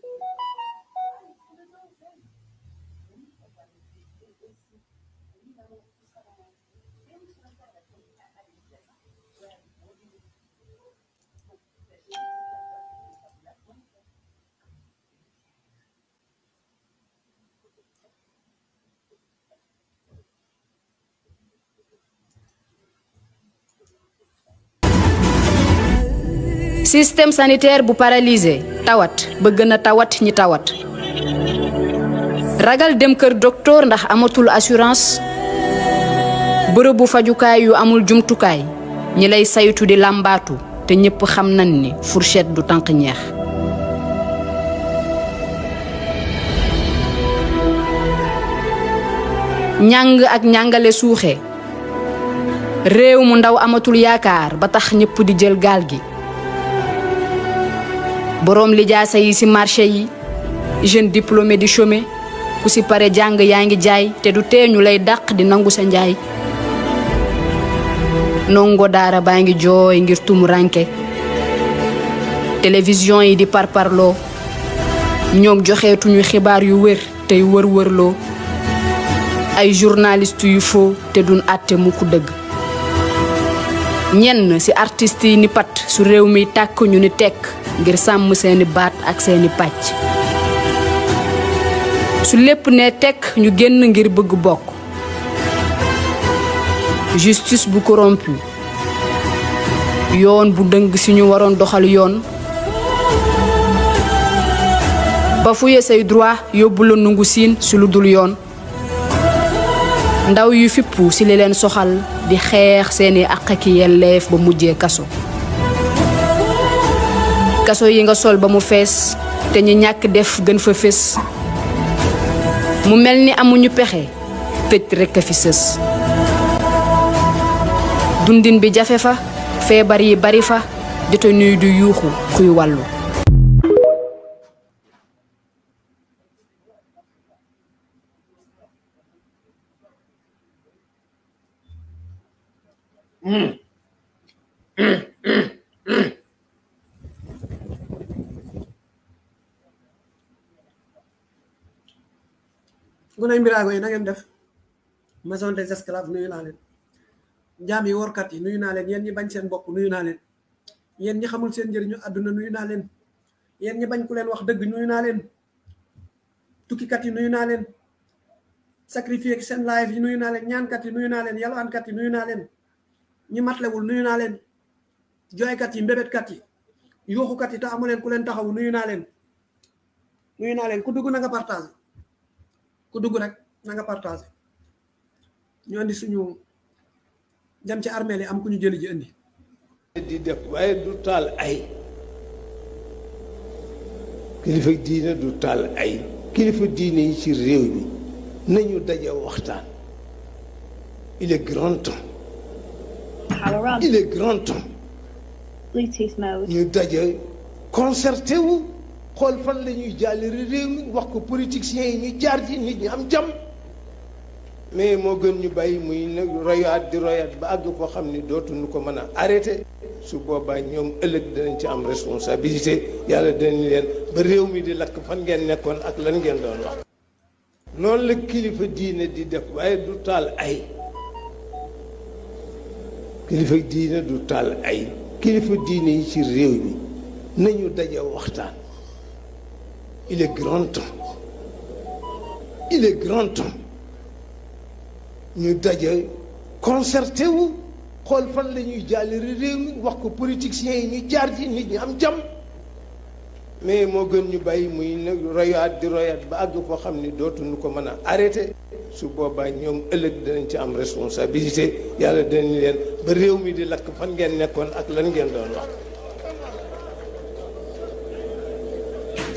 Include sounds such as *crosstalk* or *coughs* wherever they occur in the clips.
何でここにいるんですか système sanitaire bu paralysé tawat ba tawat ñi tawat ragal dem kër docteur ndax amatul assurance bërëbu fajukaay yu amul jumtukaay ñi lay saytu di lambatu te ñépp xam nañ ni fourchette du tànk ñeex ñàng ak ñàngale suuxe réew mu ndaw amatul yaakaar ba tax di jël gaal gi boroom lijaasa yi ci marché yi jeune diplômé di chômé ku ci pare jàng yaa ngi jaay te du teeñu lay daq di nangu sa njaay ndongo daara baa ngi jooy ngir tumu ranke yi di parparloo ñoom joxeetuñu xibaar yu wér tey wër-wërloo ay journaliste yu foo te duñ àtte mu dëgg ñenn ci artist yi ni pat su réew mi tàkk ñu ni tekk ngir sàmm seeni baat ak seeni pàcc su lépp ne tekk ñu génn ngir bëgg bokk justice bu corrompu yoon bu dëng si ñu waroon doxal yoon ba fuye say droit yóbbu la nungu siin si lu dul yoon ndaw yu fippu ci li leen soxal di xeex seeni àq ki yelleef ba mujjee kaso kaso yi nga sol ba mu fees te ñu ñàkk def gën fa fés mu mel ni amuñu pexe tëj rekk a fi sës dundin bi jafe fa feebar yi bari fa détenu du yuuxu kuy wàllu gune mbiraago yi na def maison des esclaves nuyu naa leen jaam yi workat yi nuyu naa leen yéen ñi bañ seen bopp nuyu naa leen yéen ñi xamul seen njëriñu àdduna nuyu naa leen yéen ñi bañ ku leen wax dëgg nuyu naa leen tukkikat yi nuyu naa leen sacrifier seen live yi nuyu naa leen ñaankat yi nuyu naa leen yalwaankat yi nuyu naa leen ñi matlewul nuyu naa leen jooykat yi mbébétkat yi yooxukat yi te amu leen ku leen taxaw nuyu naa leen nuyu naa leen ku dugg na nga partage ku dugg rek na nga partagé ñu andi suñu dem ci armeel yi am ku ñu jëli ji indi di def waaye du taal ay kilifa diine du taal ay kilifa diine yi ci réew mi nañu daje waxtaan il est grand temps il est grand temps ñu daje concerté xool fan lañuy jàll jàllale mi wax ko politiciens yi ñu jaar ci nit ñi am jàmm mais moo gën ñu bàyyi muy nag royaat di royaat ba àgg foo xam ne dootuñu ko mën a arrêté su boobaa ñoom ëllëg danañ ci am responsabilité yàlla dinañ leen ba réew mi di lakk fan ngeen nekkoon ak lan ngeen doon wax. noonu la kilifa diine di def waaye du taal ay kilifa diine du taal ay kilifa diine yi ci réew mi nañu daje waxtaan. Il est grand temps il est grand temps ñu daje concerté wu xool fan la ñuy jàllale mi wax ko politiciens yi ñu jaar ci nit ñi am jàmm mais moo gën ñu bàyyi muy royaat di royaat ba àgg foo xam ne dootuñu ko mën a arrêté su boobaa ñoom ëllëg danañ ci am responsabilité yàlla danañ leen ba réew mi di lakk fan ngeen nekkoon ak lan ngeen doon wax.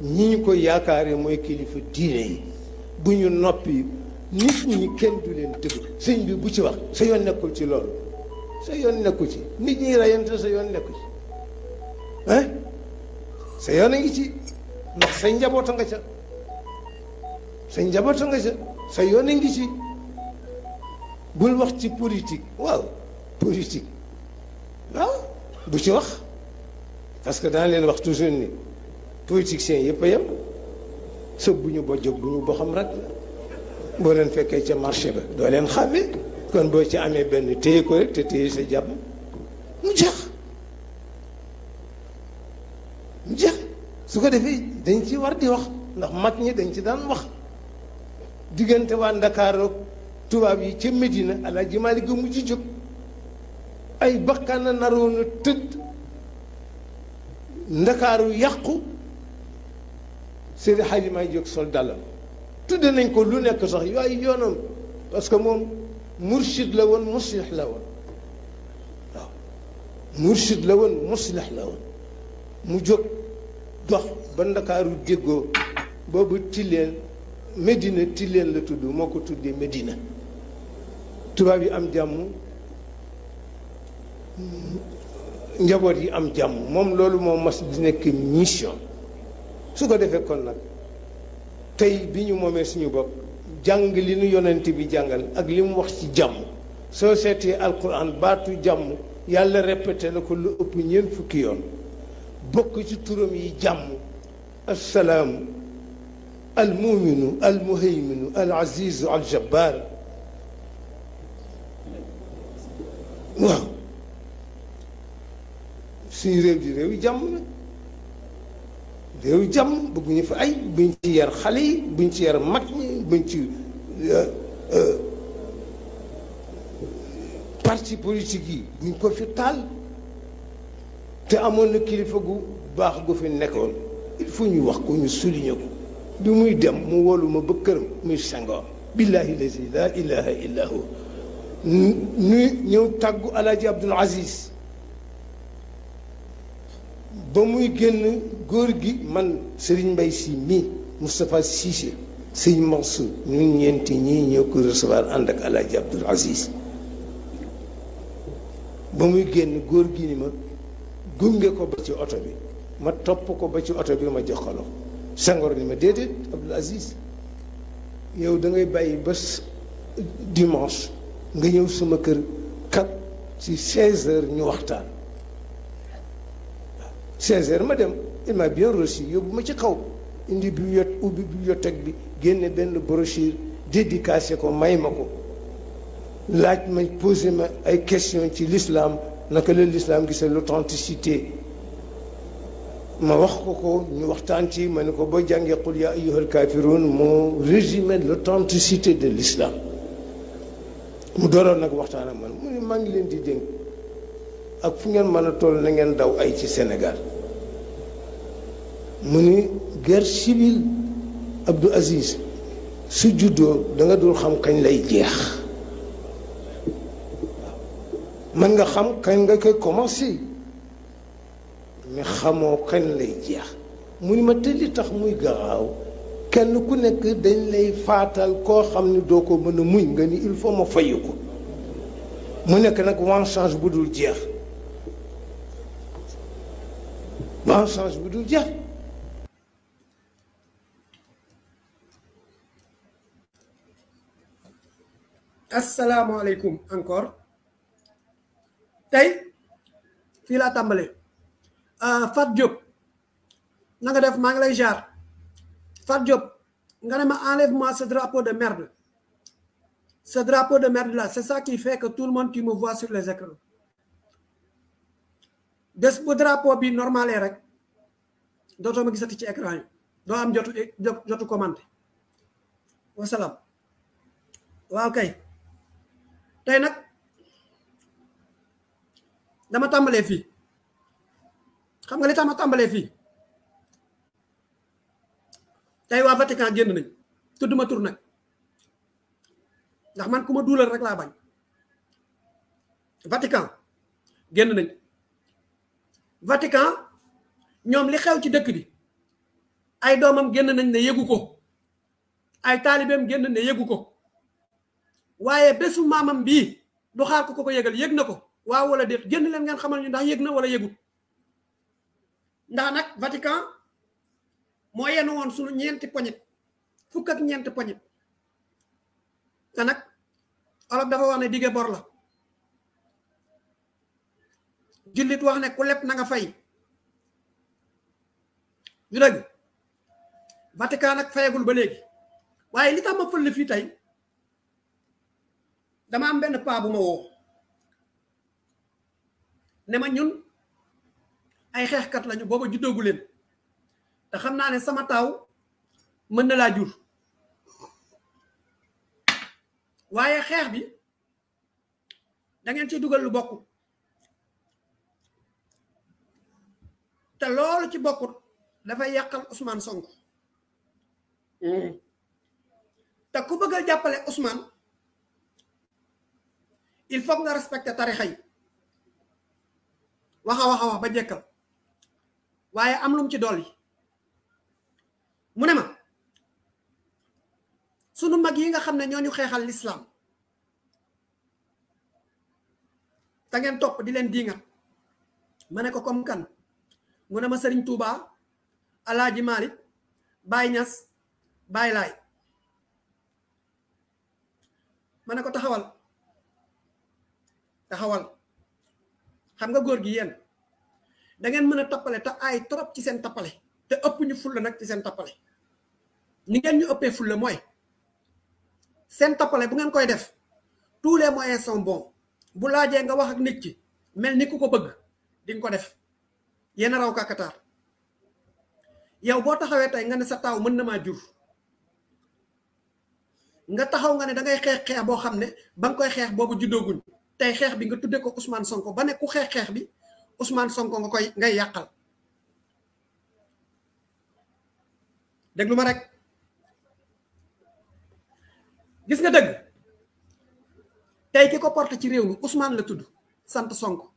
ñi ñu ko yaakaaree mooy kilifa diine yi bu ñu noppi nit ñi kenn du leen dëgg sëñ bi bu ci wax sa yoon nekkul ci loolu sa yoon nekkul ci nit ñi rayante sa yoon nekkul ci ah sa yoon a ngi ci ndax sa njaboota nga ca sa njaboota nga yoon a ngi ci bul wax ci politique waaw politique waaw bu ci wax parce que daan leen wax toujours ni politiciens yëpp a yem sëb bu ñu bojj bu ñu boxam rek boo leen fekkee ca marché ba doo leen xàmmee kon boo ci amee benn téye ko rek te téye sa jàmm mu jeex mu jeex su ko defee dañ ci war di wax ndax mat ñi dañ ci daan wax diggante waa Ndakaarook tubaab yi ca Medina Alaaji Maalik mu ci jóg ay bakkan naroon a tëdd ndakaaru yàqu سيدي حاجي ما يجيك سول تدن نكو لو نيك صاح يوي يونم باسكو موم مرشد لون مصلح لون مرشد لون مصلح لون مو جوك دوخ با دكارو ديغو بوبو تيلين مدينه تيلين لا تودو موكو تودي مدينه تباب ام جامو نجابوت ام جامو موم لولو موم مس دي نيك ميشن suko defé kon nak tay biñu momé suñu bopp jàng li nu yonenti bi jàngal ak limu wax ci jàmm so setti alquran baatu jàmm yàlla répété lako lu upp ñeen fukki yoon bokk ci turum yi jàmm assalam المؤمن المهيمن العزيز الجبار al jabbar waaw suñu réew réew jàmm bëgguñu fa ay buñ ci yar xale yi buñ ci yar mag ñi buñ ci euh, euh, parti politique yi buñ ko fi taal te amoon na kilifa gu baax gu fi nekkoon il faut ñu wax ko ñu souligner ko bi muy dem mu wolu ma ba këram muy Senghor billahi lazi la ilaha illa hu ñuy ñëw tàggu alaaji Abdul Aziz ba muy génn góor gi man Serigne mbay si mii Moustapha Cissé sëñ Mansour ñun ñeenti ñii ñoo ko recevoir ànd ak El Hadj Abdoul ba muy génn góor gi ni ma gunge ko ba ci oto bi ma topp ko ba ci oto bi ma jox ko loxo ni ma déedéet Abdoul Aziz yow dangay ngay bàyyi ba dimanche nga ñëw suma kër kat ci 16 heure ñu waxtaan 16 heures ma dem. il m'a bien reçu yóbbu ma ci kaw indi bibliothèque ubbi bibliothèque bi génne benn brochure dédicacé ko may ma ko laaj ma posé ma ay question ci lislaam naka la l'islam gisee l'authenticité ma wax ko ko ñu waxtaan ci ma ne ko boo jàngee qul ya ayyuhal kafirun moo résumé l'authenticité de l'islam mu dooroon nag waxtaan ak man mu ne maa ngi leen di dénk ak fu ngeen mën a toll na ngeen daw ay ci Sénégal mu ni guerre civile Abdou Aziz su juddoo da dul xam kañ lay jeex man nga xam kañ nga koy commencé mais xamoo kañ lay jeex mu ni ma te li tax muy gaaw kenn ku nekk dañ lay faatal koo xam ni doo ko mën a muy nga ni il faut ma ko mu nekk nag vengeance bu dul jeex vengeance bu dul jeex asalaamaaleykum encore tey fii laa tàmbalee ah, Fat Diop na def maa ngi lay jaar Fat Diop nga ne ma enlève-moi ce drapeau de merde ce drapeau de merde là c'est ça qui fait que tout le monde tu me vois sur les écrans des bu drapeau bi normal rek dootoo ma gisati ci écran yi doo am jotu jotu commenté wasalaam waaw kay. tey nag dama tàmbalee fii xam nga li tama tàmbalee fii tey waa Vatican génn nañ tudd ma tur nag ndax man ku ma duulal rek laa bañ Vatican génn nañ Vatican ñoom li xew ci dëkk bi ay doomam génn nañ ne yëgu ko ay taalibeem génn ne yëgu ko waaye bésu maamam bii du xaar ko ko yégal yëgal na ko waaw wala déet génn leen ngeen xamal ñu ndax yëg na wala yëgut ndax nag Vatican moo yenu woon sunu ñeenti poñit fukk ñeenti poñit te nag olof dafa wax ne dige bor la jullit wax ne ku leb na fay du dëgg Vatican nag fayagul ba léegi waaye li tax ma fël fii tey dama am ben pa bu ma wo ne ma ñun ay kat lañu ju dogu len ta xamna ne sama taw mën na la jur waye xex bi da ngeen ci duggal lu bokku ta lolu ci da fay yakal Ousmane Sonko mm. ta ku bëggal jappalé Ousmane il faut nga respecté tarixa yi waxa waxa wax ba jekal waye am lum ci doli munema sunu mag yi nga xamne ne ñooñu xeexal lislaam ngeen top di leen dinga mané ko comme kan munema serigne touba malik baay ñas baay lay mané ko taxawal taxawal xam nga gor gi yeen. da ngeen meuna topale ta ay trop ci sen tappale te ëpp ñu fulla nak ci sen tappale ni ngeen ñu ëppee fulla moy sen tappale bu ngeen koy def tous les moyens ya sont bons bu laaje nga wax ak nit ci mel ni ku ko bëgg di nga ko def Yeen raw raw kàkkataar yow bo taxawé tay nga ne sa taw mën na maa jur nga taxaw nga ne da ngay xex xex bo xamne bang koy xex bobu juddooguñ tay xex bi nga tuddee ko Ousmane Sonko ba ne ku xex xex bi Ousmane Sonko nga koy ngay yakal déglu ma rek gis nga dëgg tay ki ko porte ci réew mi Ousmane la tudd sante Sonko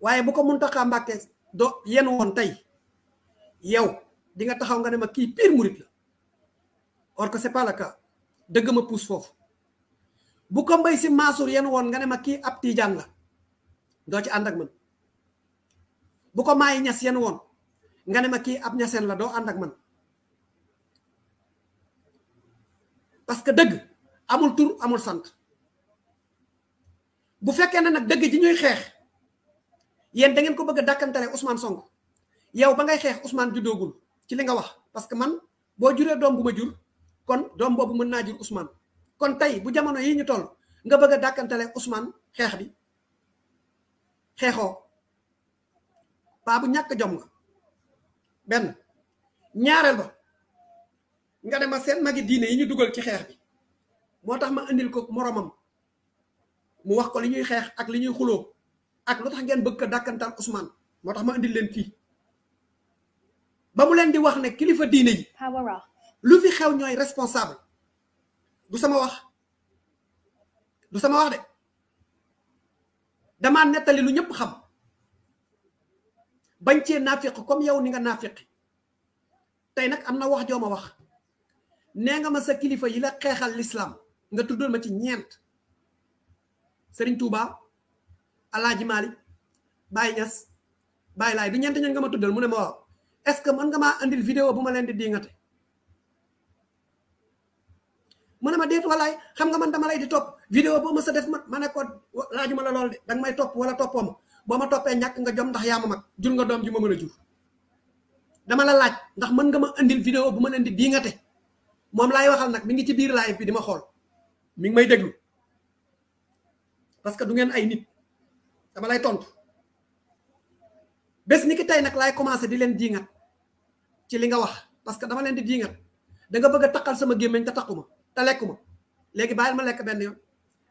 waaye bu ko Mountakha Mbacké do yen won tay yow di nga taxaw nga ne ma ki pire murit la or que c'est pas le cas deug ma pousse fofu bu ko mbay si masur yen kan won nga ne ma ki ab tiijaan la do ci ànd ak man bu ko may ñas yen won nga ne ma ki ab ñaseen la do ànd ak man parce que deug amul tur amul sant bu fekke ne nak deug ji ñuy xex yéen da ngeen ko bëgg dakantale Ousmane Sonko yow ba ngay xex Ousmane juddoogul ci li nga wax parce que man bo juré dom bu jur kon dom bobu mën na jur Ousmane kon tay bu jamono yi ñu toll nga bëgg a Ousmane xeex bi xeexoo paa bu ñàkk jom nga benn ñaareel ba nga dema seen magi diine yi ñu dugal ci xeex bi moo tax ma indil ko moromam mu wax ko li ñuy xeex ak li ñuy xuloo ak lu tax ngeen bëgg ko Ousmane moo ma indil leen fii ba mu leen di wax ne kilifa diine yi lu fi xew ñooy responsable du sama wax du sama wax de damaa nettali lu ñëpp xam bañ cee naafiq comme yow ni nga naafiqi tey nag am na wax joo ma wax nee nga ma sa kilifa yi la xeexal lislaam nga tuddal ma ci ñeent Serigne Touba Alaaji Malik Baye Niass Baye Laay du ñeent ñan nga ma tuddal mu ne ma waaw est-ce que mën nga maa andil vidéo bu ma leen di ngate mané ma déet walaay xam nga man dama lay di top vidéo bo ma sa def ma ne ko laajuma la lol de may top wala toppoo ma boo ma toppee ñàkk nga jom ndax yaama mak mag jur nga dom ji ma mëna a jur dama la laaj ndax mën nga ma andil vidéo bu ma leen di dii nga té mom lay waxal nak mi ngi ci biir live bi dima xol mi ngi may déglu parce que du ngeen ay nit dama lay tontu bes ni ki tey nag laay commencé di leen diingat ci li nga wax parce que dama len di diingat da nga bëgg takal sama gémmeñ ta takuma ta lekuma legi bayal ma lek ben yon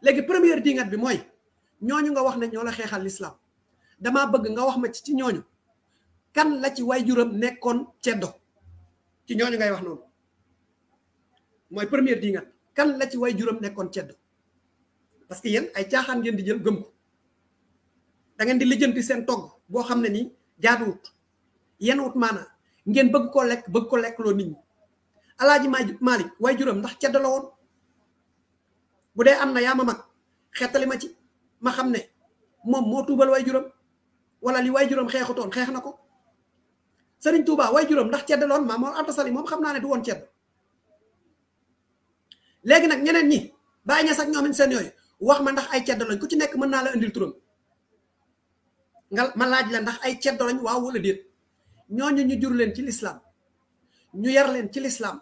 legi premier dingat bi moy ñooñu nga wax ne ñoo la xeexal l'islam dama bëgg nga wax ma ci ñooñu kan la ci nekon nekkoon ceddo ci ñooñu ngay wax non moy premier dingat kan la ci nekon nekkoon ceddo parce que yeen ay tiaxan ngeen di jël gëm ko da ngeen di lijeenti sen togg bo xamne ni jaadu wut yeen wut mana ngeen bëgg ko lek bëgg ko lek lo nit alaaji Malick waay juróom ndax cedd la woon bu dee am na yaa ma mag xettali ma ci ma xam ne moom moo tuubal waay juróom wala li waay juróom xeexutoon xeex na ko Serigne Touba waay juróom ndax cedd la woon maam Mor Sali moom xam naa ne du woon cedd léegi nag ñeneen ñi ba ña sax ñoom seen yooyu wax ma ndax ay cedd lañ ku ci nekk mën naa la indil turam nga ma laaj la ndax ay cedd lañ waaw wala déet ñooñu ñu jur leen ci lislaam ñu yar leen ci l'islam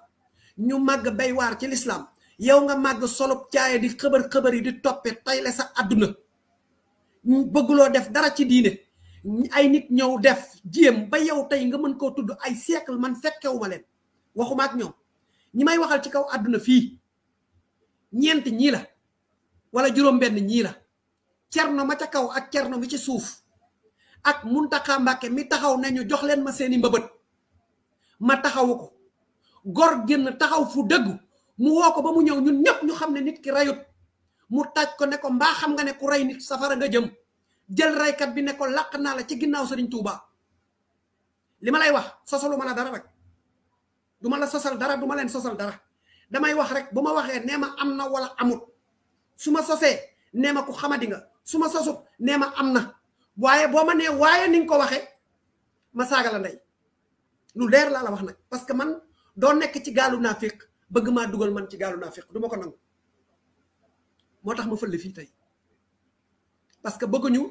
ñu mag bay War ci l'islam yow nga mag solo caaye di xëbar xëbar di di tay la sa àdduna bëgguloo def dara ci diiné ay nit ñew def jiem ba yow tay nga mën ko tudd ay siècle man wu leen waxuma ak ñom ñi may waxal ci kaw aduna fi ñent ñi la wala juroom benn ñi la cerno ma ca kaw ak cerno mi ci suuf ak muntaka mbake mi taxaw nañu jox leen ma seeni ma taxawu ko gor génn taxaw fu dëggu mu woo ko ba mu ñëw ñun ñëpp ñu xam ne nit ki rayut mu taaj ko ne ko mbaa xam nga ne ku rey nit safara nga jëm jël raykat bi ne ko làq naa la ci ginnaaw sëriñ Touba li ma lay wax sosalu ma la dara rek du ma la sosal dara du ma leen sosal dara damay wax rek bu ma waxee nee ma am na wala amut su ma sosee nee ma ku xamadi nga su ma sosut nee ma am na waaye boo ma nee waaye ni ko waxee ma saaga la ndey lu leer la la wax nak parce que man do nek ci galu nafiq beug ma dugal man ci galu nafiq duma ko nang motax ma fële fi tay parce que bëgguñu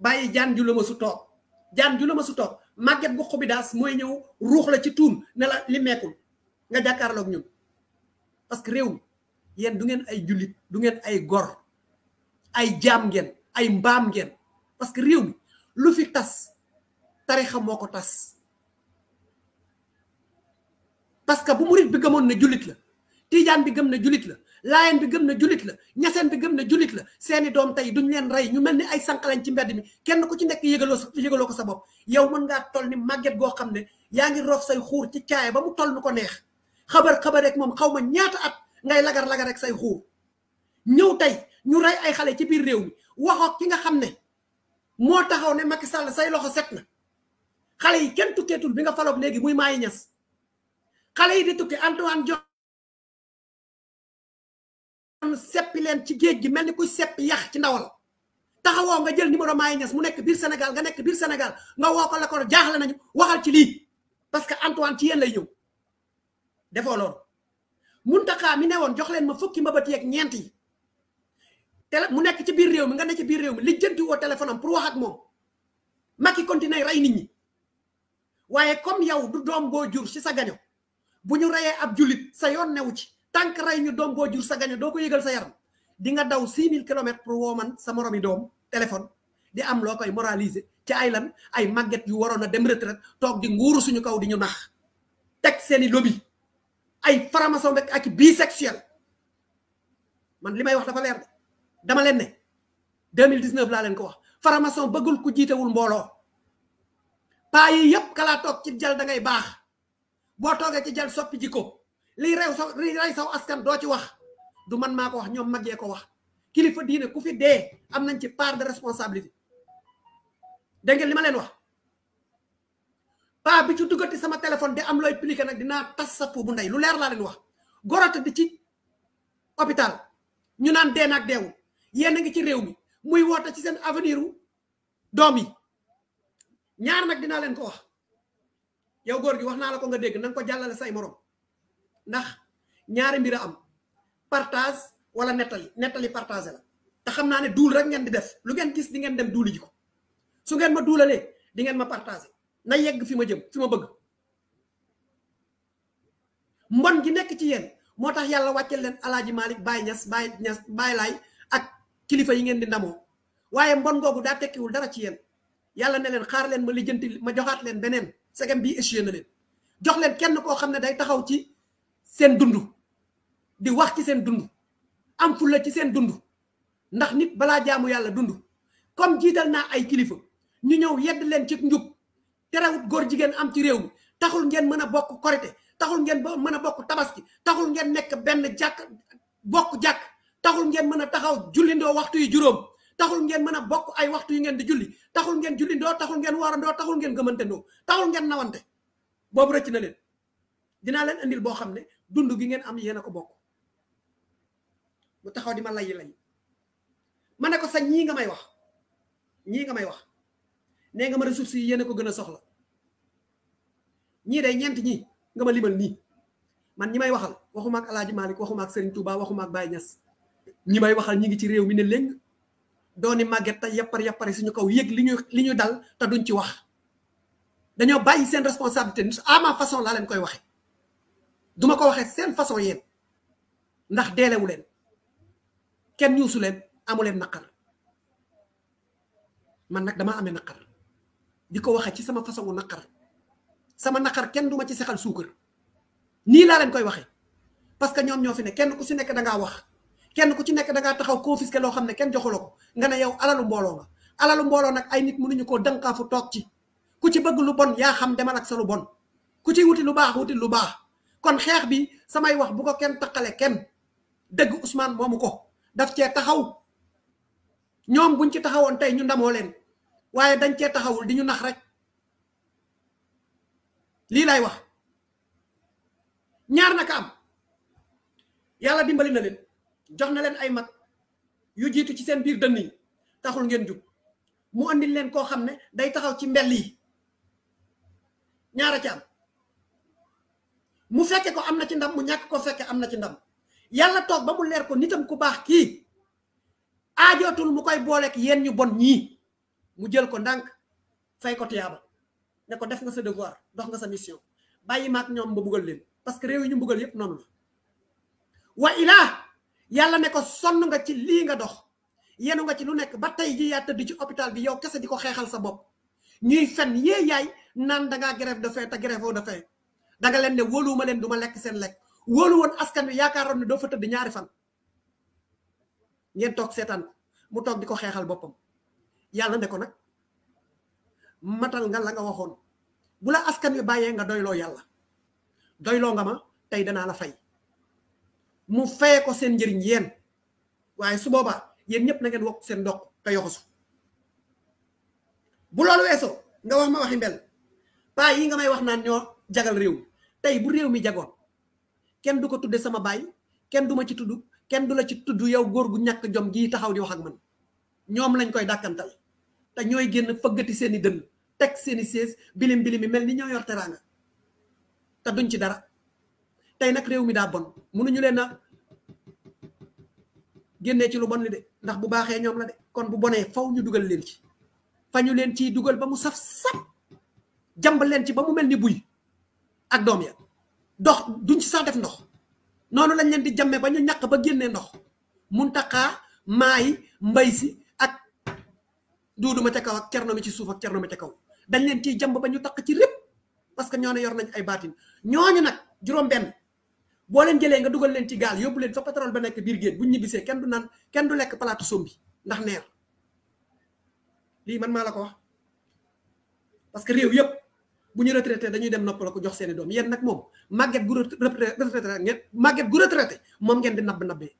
baye jaan ju luma ma su tok jaan ju luma su tok màgget bu khubidas moy ñew ruh la ci tun ne la li nga jàkkaarloog ñun parce que rew yeen du ngeen ay julit du ngeen ay gor ay jam ngeen ay mbam ngeen parce que rew lu fi tas tarixa moko tas parce que bu murit bi gëmoon na julit la tiijaan bi gëm na julit la laayeen bi gëm na jullit la ñaseen bi gëm na jullit la seeni doom tey duñ leen rey ñu mel ni ay sànqalañ ci mbedd mi kenn ku ci nekk yëgaloo sa yëgaloo ko sa bopp yow mën ngaa toll ni màgget goo xam ne yaa ngi roof say xuur ci caaya ba mu toll nu ko neex xabar xabar rek moom xaw ma ñaata at ngay lagar lagar rek say xuur ñëw tey ñu rey ay xale ci biir réew mi waxoot ki nga xam ne moo taxaw ne Macky Sall say loxo set na xale kenn tukkeetul bi nga faloog léegi muy maayi ñas xalé yi di tukki Antoine John sepp len ci geej gi melni kuy sepp yax ci ndawal taxawoo nga jël numéro Maye Niass mu nekk biir Sénégal nga nekk biir Sénégal nga woo ko la ko jaaxle nañu waxal ci lii parce que Antoine ci yéen lay ñëw defoo loolu muntaka mi ne jox leen ma fukki mabati yeeg ñeent yi tele mu nekk ci biir réew mi nga ne ci biir réew mi lijjanti woo téléphone am pour wax ak moom Maki continue ray nit ñi waaye comme yow du doom boo jur ci sa bu ñu reyee ab jullit sa yoon newu ci tànk rey ñu doom boo jur sa gaño doo ko yëgal sa yaram di nga daw six mille kilomètres pour woo man sa moromi doom téléphone di am loo koy moraliser ci ay lan ay màgget yu waroon a dem retraite toog di nguuru suñu kaw di ñu nax teg seeni lobby ay faramason rek ak bisexuel man li may wax dafa leer de dama leen ne 2019 laa leen ko wax faramason bëggul ku jiitewul mbooloo paa yi yëpp kalaa toog ci jal da ngay baax boo toogee ci jal soppi jikko liy rew sa liy rey saw askan doo ci wax du man maa ko wax ñoom mag yee ko wax kilifa diine ku fi dee am nañ ci part de responsabilité dégg ngeen li ma leen wax paa bi ci duggati sama téléphone di am looy pliqué nag dinaa tas sa po bu ndey lu leer laa leen wax gorota di ci hôpital ñu naan dee naag deewul yéen a ngi ci réew mi muy woote ci seen avenir doom yi ñaar nag dinaa leen ko wax yow gor gi waxna la ko nga deg nang ko jallal say morom ndax ñaari mbira am partage wala netali netali partage la ta xamna ne dul rek ngeen di def lu ngeen gis di ngeen dem duli jiko su ngeen ma dulale di ngeen ma partager na yegg fi ma jëm fi ma bëgg mbon gi nek ci yeen motax yalla waccel len leen malik baay ñas baay ñas baay lay ak kilifa yi ngeen di ndamo waye mbon da tekki wul dara ci yeen yalla ne len xaar len ma lijeenti ma joxat len benen segam bii échoué na leen jox leen kenn koo xam ne day taxaw ci seen dundu di wax ci seen dund am fulla ci seen dund ndax nit balaa jaamu yàlla dund comme jiital naa ay kilifa ñu ñëw yedd leen ci njub terewut góor jigéen am ci réew mi taxul ngeen mën a bokk korite taxul ngeen mën a bokk tabaski taxul ngeen nekk benn jàkk bokk jàkk taxul ngeen mën a taxaw jullindoo waxtu yu juróom taxul ngeen mana a bokk ay waxtu yi ngeen di julli taxul ngeen julli ndoo taxul ngeen waarandoo taxul ngeen gëmante ndoo taxul ngeen nawante bobu rëcc na leen dina leen andil bo xam dundu dund gi ngeen am yeena ko bokk mu taxaw di ma lay lay mané ko sa ñi nga may wax ñi nga may wax né nga ma ressources yi yeena ko gëna soxla ñi day ñent ñi nga ma limal ni man ñi may waxal waxuma ak malik waxuma ak serigne touba waxuma ak baye ñass ñi may waxal ñi ngi ci rew mi ne leng dooni màgget te yappar yappare ñu kaw yëg li ñu li ñu dal te duñ ci wax dañoo bàyyi seen responsabilité à ma façon laa leen koy waxe duma ko waxee seen façon yéen ndax deelewu leen kenn ñuusu leen amu leen naqar man nag damaa amee naqar di ko waxee ci sama façon naqar sama naqar kenn duma ci sexal suukar nii laa leen koy waxee parce que ñoom ñoo fi ne kenn ku si nekk dangaa wax kenn ku ci nekk dangaa taxaw confisqué loo xam ne kenn joxuloo ko nga ne yow alalu mbooloo nga alalu mbooloo nag ay nit mu mënuñu koo dënkaafu toog ci ku ci bëgg lu bon yaa xam demal ak sa lu bon ku ci wuti lu baax wuti lu baax kon xeex bi samay wax bu ko kenn taqale kenn dëgg Ousmane moomu ko daf cee taxaw ñoom buñ ci taxawoon tey ñu ndamoo leen waaye dañ cee taxawul di ñu nax rek lii lay wax ñaar naka am yàlla dimbali na leen jox na leen ay mag yu jiitu ci seen biir dënn yi taxul ngeen jub mu andil leen koo xam ne day taxaw ci mbel yi ñaara ci am mu fekke ko am na ci ndam mu ñàkk ko fekke am na ci ndam yàlla toog ba mu leer ko nitam ku baax kii aajootul mu koy booleek yéen ñu bon ñii mu jël ko ndànk fay ko tiyaaba ne ko def nga sa devoir dox nga sa mission bàyyi maak ñoom ba buggal leen parce que réew yi ñu buggal yépp noonu la wa ilaa yàlla ne ko sonn nga ci lii nga dox yenu nga ci lu nekk ba tey ji yaa tëdd ci hôpital bi yow kese di ko xeexal sa bopp ñuy fen yee yaay naan da ngaa grève de faim te grève de faim da nga leen ne wóoluwuma leen du lekk seen lekk wóolu woon askan wi yaakaaroon ne doo fa tëdd ñaari fan ngeen toog seetaan ko mu toog di ko xeexal boppam yàlla ne ko nag matal nga la nga waxoon bu la askan wi bàyyee nga doyloo yàlla doyloo nga ma tey danaa la fay mu fayee ko yen, njëriñ yeen waye su boba yeen ñep na ngeen wok sen dok te yoxu bu loolu weesoo nga wax ma waxi mbel pa yi nga may wax naan ñoo jagal rew tay bu rew mi jagon kenn duko ko tudde sama bay kenn duma ci tudd kenn dula la ci tudd yow gor gu ñak jom gi taxaw di wax ak man ñom lañ koy dakantal te ñoy genn fëggati seeni tek seeni ses bilim bilim mi ñoo yor teranga ta duñ ci dara tay nak réew mi daa bon mënuñu leen a genné ci lu bon li dé ndax bu baxé ñom la dé kon bu boné faw ñu dugal leen ci fa ñu leen ci dugal ba mu saf saf jambal leen ci ba mu melni buy ak dom ya dox duñ ci sa def ndox nonu lañ leen di jamme ba ñu ñak ba genné ndox muntaqaa may mbay si ak duuduma ca kaw ak cerno mi ci suuf ak cerno mi ca kaw dañ leen ci jàmb ba ñu tak ci rep parce que ñoo na yor nañ ay ñoo ñu nak juroom benn bo len jëlee nga duggal len ci gal yobul len fa pétrole ba nek bir géej bu ñibbisee kenn du nan kenn du lek plateau sombi ndax neer li man mala ko wax parce que rew yeb bu ñu retraité dañuy dem noppal ko jox seeni doom yeen nak mom maget gu retraité ngeen maget gu retraité mom ngeen di nab nabé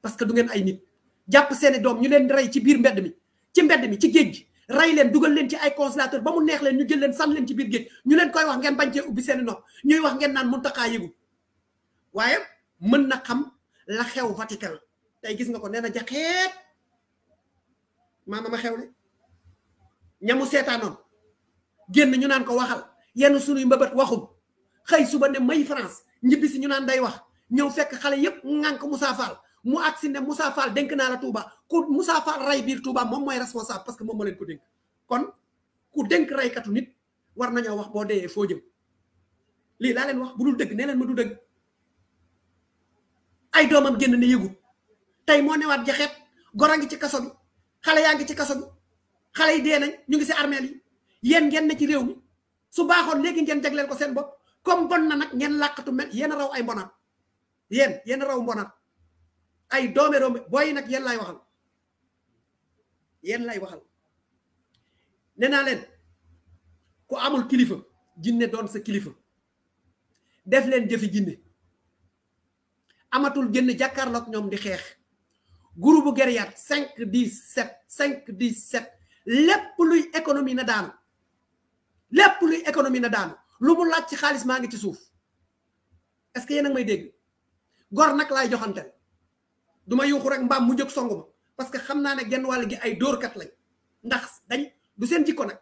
parce que du ngeen ay nit japp seeni doom ñu len ray ci bir mbedd mi ci mbedd mi ci geej gi ray len duggal len ci ay consulateur ba mu neex len ñu jël len san len ci bir geej ñu len koy wax ngeen bañ ci ubbi seeni nopp ñuy wax ngeen nan waye mën na xam la xew Vatican tay gis nga ko neena jaxet mama ma xew le ñamu seetaanoon genn ñu naan ko waxal yenn suñu mbebet waxum xey suba ne may France nyepis si ñu naan day wax ñew fekk xalé yépp ngank Moussa Fall mu aksi ne Moussa Fall denk na la Touba ku Moussa Fall ray bir Touba mom moy responsable parce que mom mo len ko denk kon ku ray reykatu nit war nañu wax bo deyee fo jëm li la len wax bu dul deug ne len ma du deug ay doomam génn ne yëgu tey moo newaat jaxeet gor a ngi ci kaso xale yaa ngi ci kaso xale yi dee nañ ñu ngi si armeel yi yéen ngeen ne ci réew mi su baaxoon léegi ngeen jagleel ko seen bopp comme bon na nag ngeen làqatu mel yéen raw ay mbonaat yéen yéen raw mbonaat ay doome doome booyi nag yéen lay waxal yéen lay waxal nee naa leen ku amul kilifa jinne doon sa kilifa def leen jëfi jinne amatul génn jàkkaarloog ñoom di xeex groupe bu guerriat cinq dix sept cinq dix sept lépp luy économie na daanu lépp luy économie na daanu lu mu laaj ci xaalis maa ngi ci suuf est-ce que yéen a may dégg gor nag laay joxanteel du ma yuuxu rek mbaam mu jóg songu ma parce que xam naa ne genn wàll gi ay dóorkat lañ ndax dañ du seen jikko nag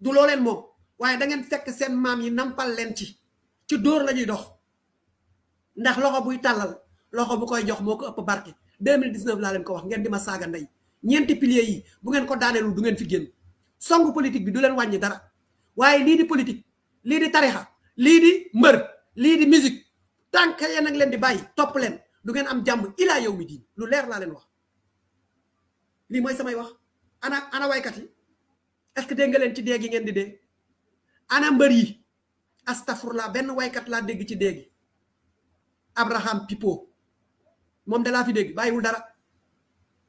du loo leen moom waaye dangeen ngeen fekk seen maam yi nampal leen ci ci dóor lañuy dox ndax loxo buy talal, loxo bu koy jox moko upp barke 2019 la len ko wax ngeen di ma saga nday ñeenti pilier yi bu ngeen ko daaneelu du ngeen fi genn songu politique bi du len wañi dara waye li di politique li di tariha li di mbër li di musique tank que ak di bayyi top len du ngeen am jamm ila yow mi lu leer la len wax li moy samay wax ana ana kat yi est ce que nga len ci deg yi ngeen di de ana mbeur yi astafurla way kat la deg ci deg Abraham Pipo da la fi deg bayiwul dara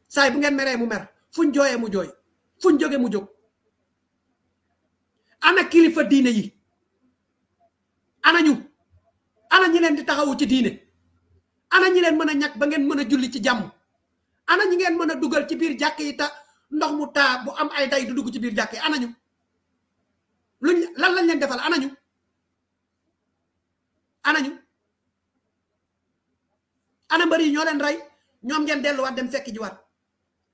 say bu ngeen mere mu mer fuñ joye mu joy, fuñ joge mu jog, ana kilifa diine yi ana ñu ana ñi leen di taxawu ci diine ana ñi leen mëna ñak ba ngeen mëna julli ci jamm ana ñi ngeen mëna duggal ci biir jakk yi ta ndox mu ta bu am ay day du dugg ci biir jakk ana ñu lan lañ leen defal ana ñu ana ñu ana yi ñoo leen rey ñoom ngeen delluwaat dem fekk jiwaat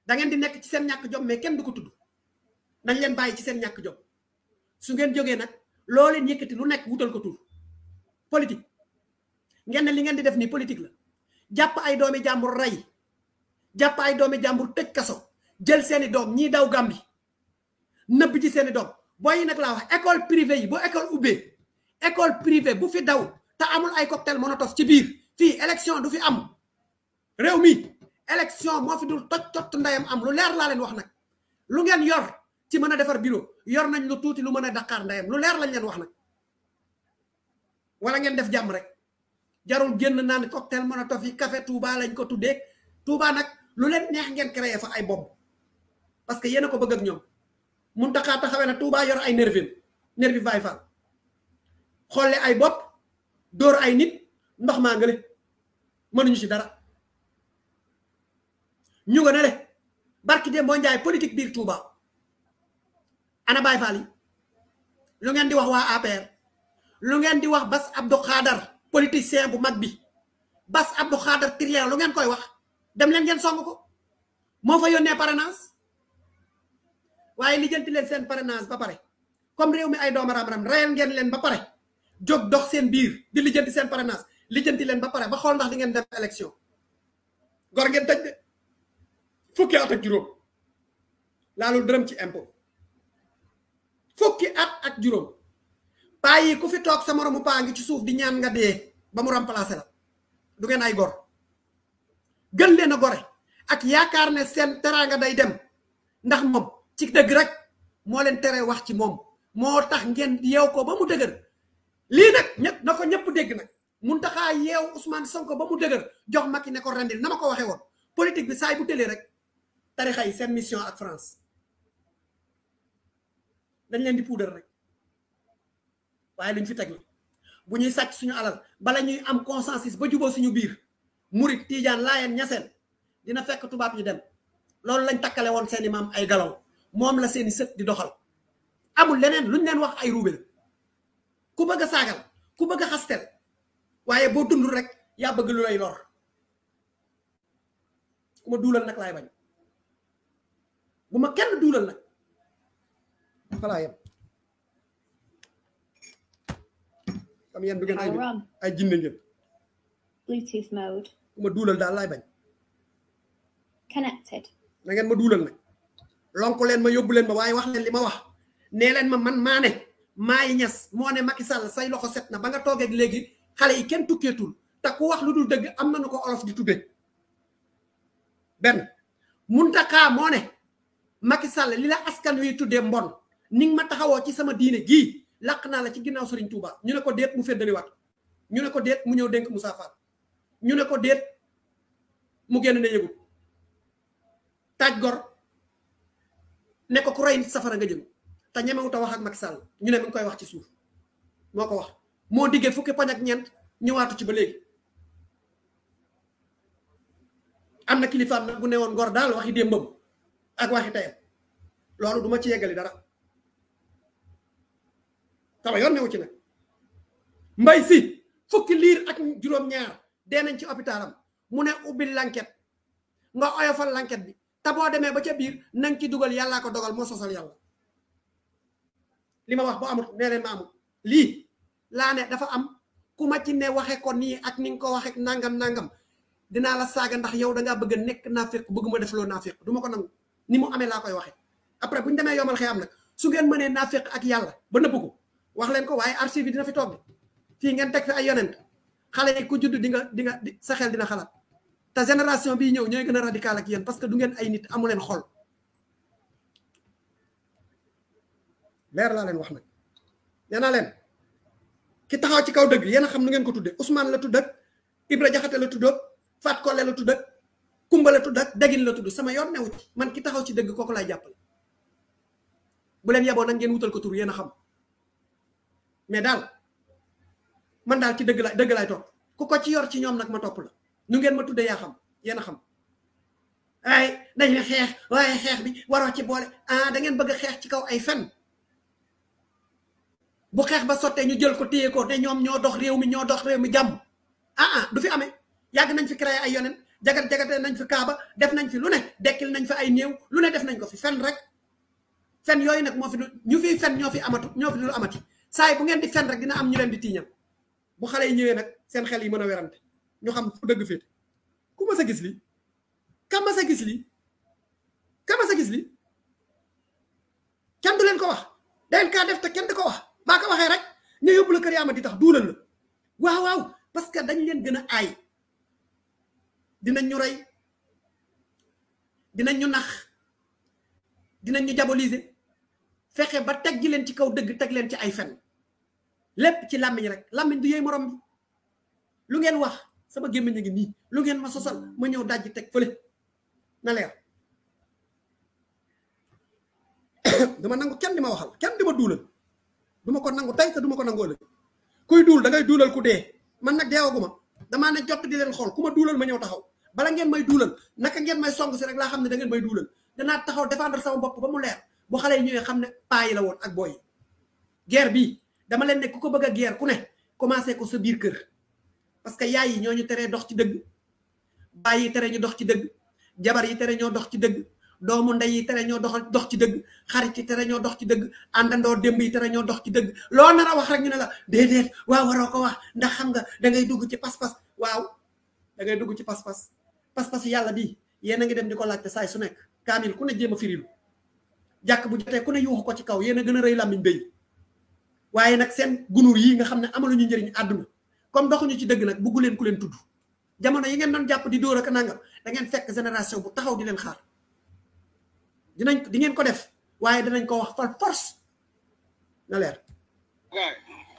da ngeen di nekk ci seen ñàkk jom mais kenn du ko tudd nañ leen bàyyi ci seen ñàkk jom su ngeen jógee nag loo leen lu nekk wutal ko tur politique ngeen ne li ngeen di def ni politique la jàpp ay doomi jàmbur rey jàpp ay doomi jàmbur tëj kaso jël seeni doom ñii daw Gàmbi nëbb ci seeni doom booy yi nag laa wax école privée yi bu école ubbee école privée bu fi daw te amul ay cocktail monotos ci biir fii élection du fi am réew mi élection mo fi dul toj cott ndayam am lu leer la leen wax nak lu ngeen yor ci meuna defar biro yor nañ lu tuti lu meuna dakar ndayam lu leer lañ leen wax nak wala ngeen def jam rek jarul genn nan cocktail molotov yi café touba lañ ko tuddé touba nak lu leen neex ngeen créer fa ay bob parce que yéen ko bëgg ak ñom mun taxaa taxawee na touba yor ay nervi baay kole xolé ay bob dor ay nit ndox maa mënuñu ci dara ñu nga ne barki de boo politique bir Touba ana Baye fali lu ngeen di wax wa APR lu ngeen di wax bas Abdou Khadar politicien bu mag bi bas Abdou Khadar trier lu ngeen koy wax dem len ngeen songu ko mo fa yónnee parrainage li lijjanti len sen parrainage ba pare comme rew mi ay doom ram-ram rayal ngeen len ba pare jog dox sen bir di lijjanti seen parrainage lijjanti len ba pare ba xol ndax di ngeen dem election gor ngeen fukki at ak juróom laalul dërëm ci impôt fukki at ak juróom paa yi ku fi toog sa moromu paa ngi ci suuf di ñaan nga dee ba mu remplacé la du ngeen ay gor gën leen a gore ak yaakaar ne seen teraanga day dem ndax moom ci dëgg rek moo leen tere wax ci moom moo tax ngeen yeew ko ba mu dëgër lii nag ñett na ko ñëpp dégg nag mu mun taxaa yeew Ousmane Sonko ba mu dëgër jox Macky ne ko rendil na ma ko waxee woon politique bi saay bu tëlee rek tarixa yi sen mission ak France dañ leen di poudre rek waaye luñ fi teg la bu ñuy sàcc suñu alal bala ñuy am consensus ba juboo suñu biir murit tiijaan laayeen ñaseen dina fekk tubaab yi dem loolu lañ takkale woon seeni imam ay galaw moom la seeni sët di doxal amul leneen luñ leen wax ay ruube ku bëgg a saagal ku bëgg a xastel waaye boo dundul rek yaa bëgg lu lay lor ku ma duulal nag laay bañ bu ma kenn duulal nag falaa yem am ay ay jinne ngeen ma duulal daal laay bañ connected na ngeen ma duulal nag lonk leen ma yóbbu leen ma waaye wax leen li ma wax nee leen ma man maa ne maay ñes moo ne Macky sàll say loxo set na ba nga toogee léegi xale yi kenn tukkeetul te ku wax lu dul dëgg am na nu ko olof di tudde benn Muntaxa moo ne Macky Sall li la askan wi tuddé mbon ning ma taxawoo ci sama diiné gi lakna la ci ginnaw Serigne Touba ñu ne ko déet mu wat ñu ne ko déet mu ñew denk Moussa Fall ñu ne ko déet mu genn ne yegul taj gor ne ko ku rey safara nga jëm te ñemewut ta wax ak Macky Sall ñu ne mu koy wax ci suuf moko wax mo diggé fukki pañ ak ci ba kilifa am na bu newoon waxi dembam ak waxi tayam loolu anu duma ci yeggali dara tama yoon newu ci nag mbay si fukki liir ak juróom ñaar dee nañ ci hôpitalam mu ne ubbil l'enquête nga oyofal lanket bi te boo demee ba ca biir nang ci dugal yàllaa ko dogal moo sosal yàlla li ma wax bu amul nee leen ma amul lii laa ne dafa am ku ma ci ne waxe ko nii ak ni nga ko waxe nangam nangam dinaa la saaga ndax yow da ngaa bëgg a nekk def loo nafiq ko nangu ni mu amé la koy waxé après buñ démé yomal xiyam nak su ngeen mënee nafiq ak yalla ba nëbb ko wax leen ko waye archive dina fi tok fi ngeen tek fi ay yonent xalé yi ku judd di nga di nga sa xel dina xalat ta génération bi ñëw ñoy gëna radical ak yeen parce que du ngeen ay nit amu leen xol leer la leen wax nak nee leen ki taxaw ci kaw deug yéen xam nu ngeen ko tudde Ousmane la tudd ak Ibra Jaxate la tudd Fat Kolle la tudd kumba la tudd ak daggin la tudd sama yoon newu ci man ki taxaw ci dëgg kooku laay jàppale bu leen yaboo nag ngeen wutal ko tur yéen a xam mais daal man daal ci dëgg la dëgg laay topp ku ko ci yor ci ñoom nag ma topp la nu ngeen ma tuddee yaa xam yéen a xam waaye dañ xeex waaye xeex bi waroo ci boole ah da ngeen bëgg xeex ci kaw ay fen bu xeex ba sottee ñu jël ko téye ko te ñoom ñoo dox réew mi ñoo dox réew mi jàmm ah ah du fi amee yàgg nañ fi créé ay yoneen jagat jagat nañ fi kaaba def nañ fi lu ne dekkil nañ fi ay néew lu ne def nañ ko fi fen rek fen yoy nak mo fi ñu fi fen amatu fi amati say bu ngeen di fen rek dina am ñu leen di tiñal bu xalé ñewé nak seen xel yi mëna a ñu xam fu dëgg féete ku ma sa gis li ka ma sa gis li ka ma sa gis li kenn du leen ko wax dañ ka def te kenn di ko wax ba ka waxee rek ñu yóbbu kër yaama tax duulal waaw waaw parce que dañ leen gëna ay dinañ ñu rey dinañ ñu nax dinañ ñu jaboliser fexé ba teg ji leen ci kaw deug teg leen ci ay fenn lepp ci lamiñ rek lamiñ du yey morom bi lu ngeen wax sama gémmiñ a ngi lu ngeen ma sosal ma ñew dajji teg fele na leer *coughs* dama nangu kenn di waxal kenn di ma duulal duma ko nangu tay te duma ko nangol kuy duul da ngay duulal ku dee man nak deewaguma dama ne jot di leen xol kuma duulal ma ñew taxaw bala ngeen may duulal naka ngeen may song ci rek la xamne da ngeen may duulal danaa taxaw défendre sama bop ba mu leer bu xalé ñëwé xamne paay la woon ak boy guerre bi dama leen nek kuko bëgg guerre ku ne commencé ko sa biir kër parce que yaay yi ñoo ñu teree dox ci dëgg baay yi téré ñu dox ci dëgg jabar yi téré ñoo dox ci dëgg doomu nday yi téré ñoo dox dox ci dëgg xarit yi téré ñoo dox ci dëgg andando demb yi téré ñoo dox ci dëgg lo nar wax rek ñu ne la déedéet waaw waro ko wax ndax xam nga da ngay dugg ci pass pass waaw da ngay dugg ci pass pass Pas pas yalla bi yéen a ngi dem di laccé say su nek kamil ku ne jéem firil firilu bu jotté ku ne yuhu ko ci kaw yéen gëna reuy lamiñ beuy waye nak sen gunur yi nga xamne amalu ñu ñëriñ àdduna comme doxuñu ci deug nak buggu leen ku len tuddu jamono yi ngeen don japp di dóor ak nangam da ngeen fekk génération bu taxaw di len xaar dinañ di ngeen ko def waye dinañ ko wax par force na leer.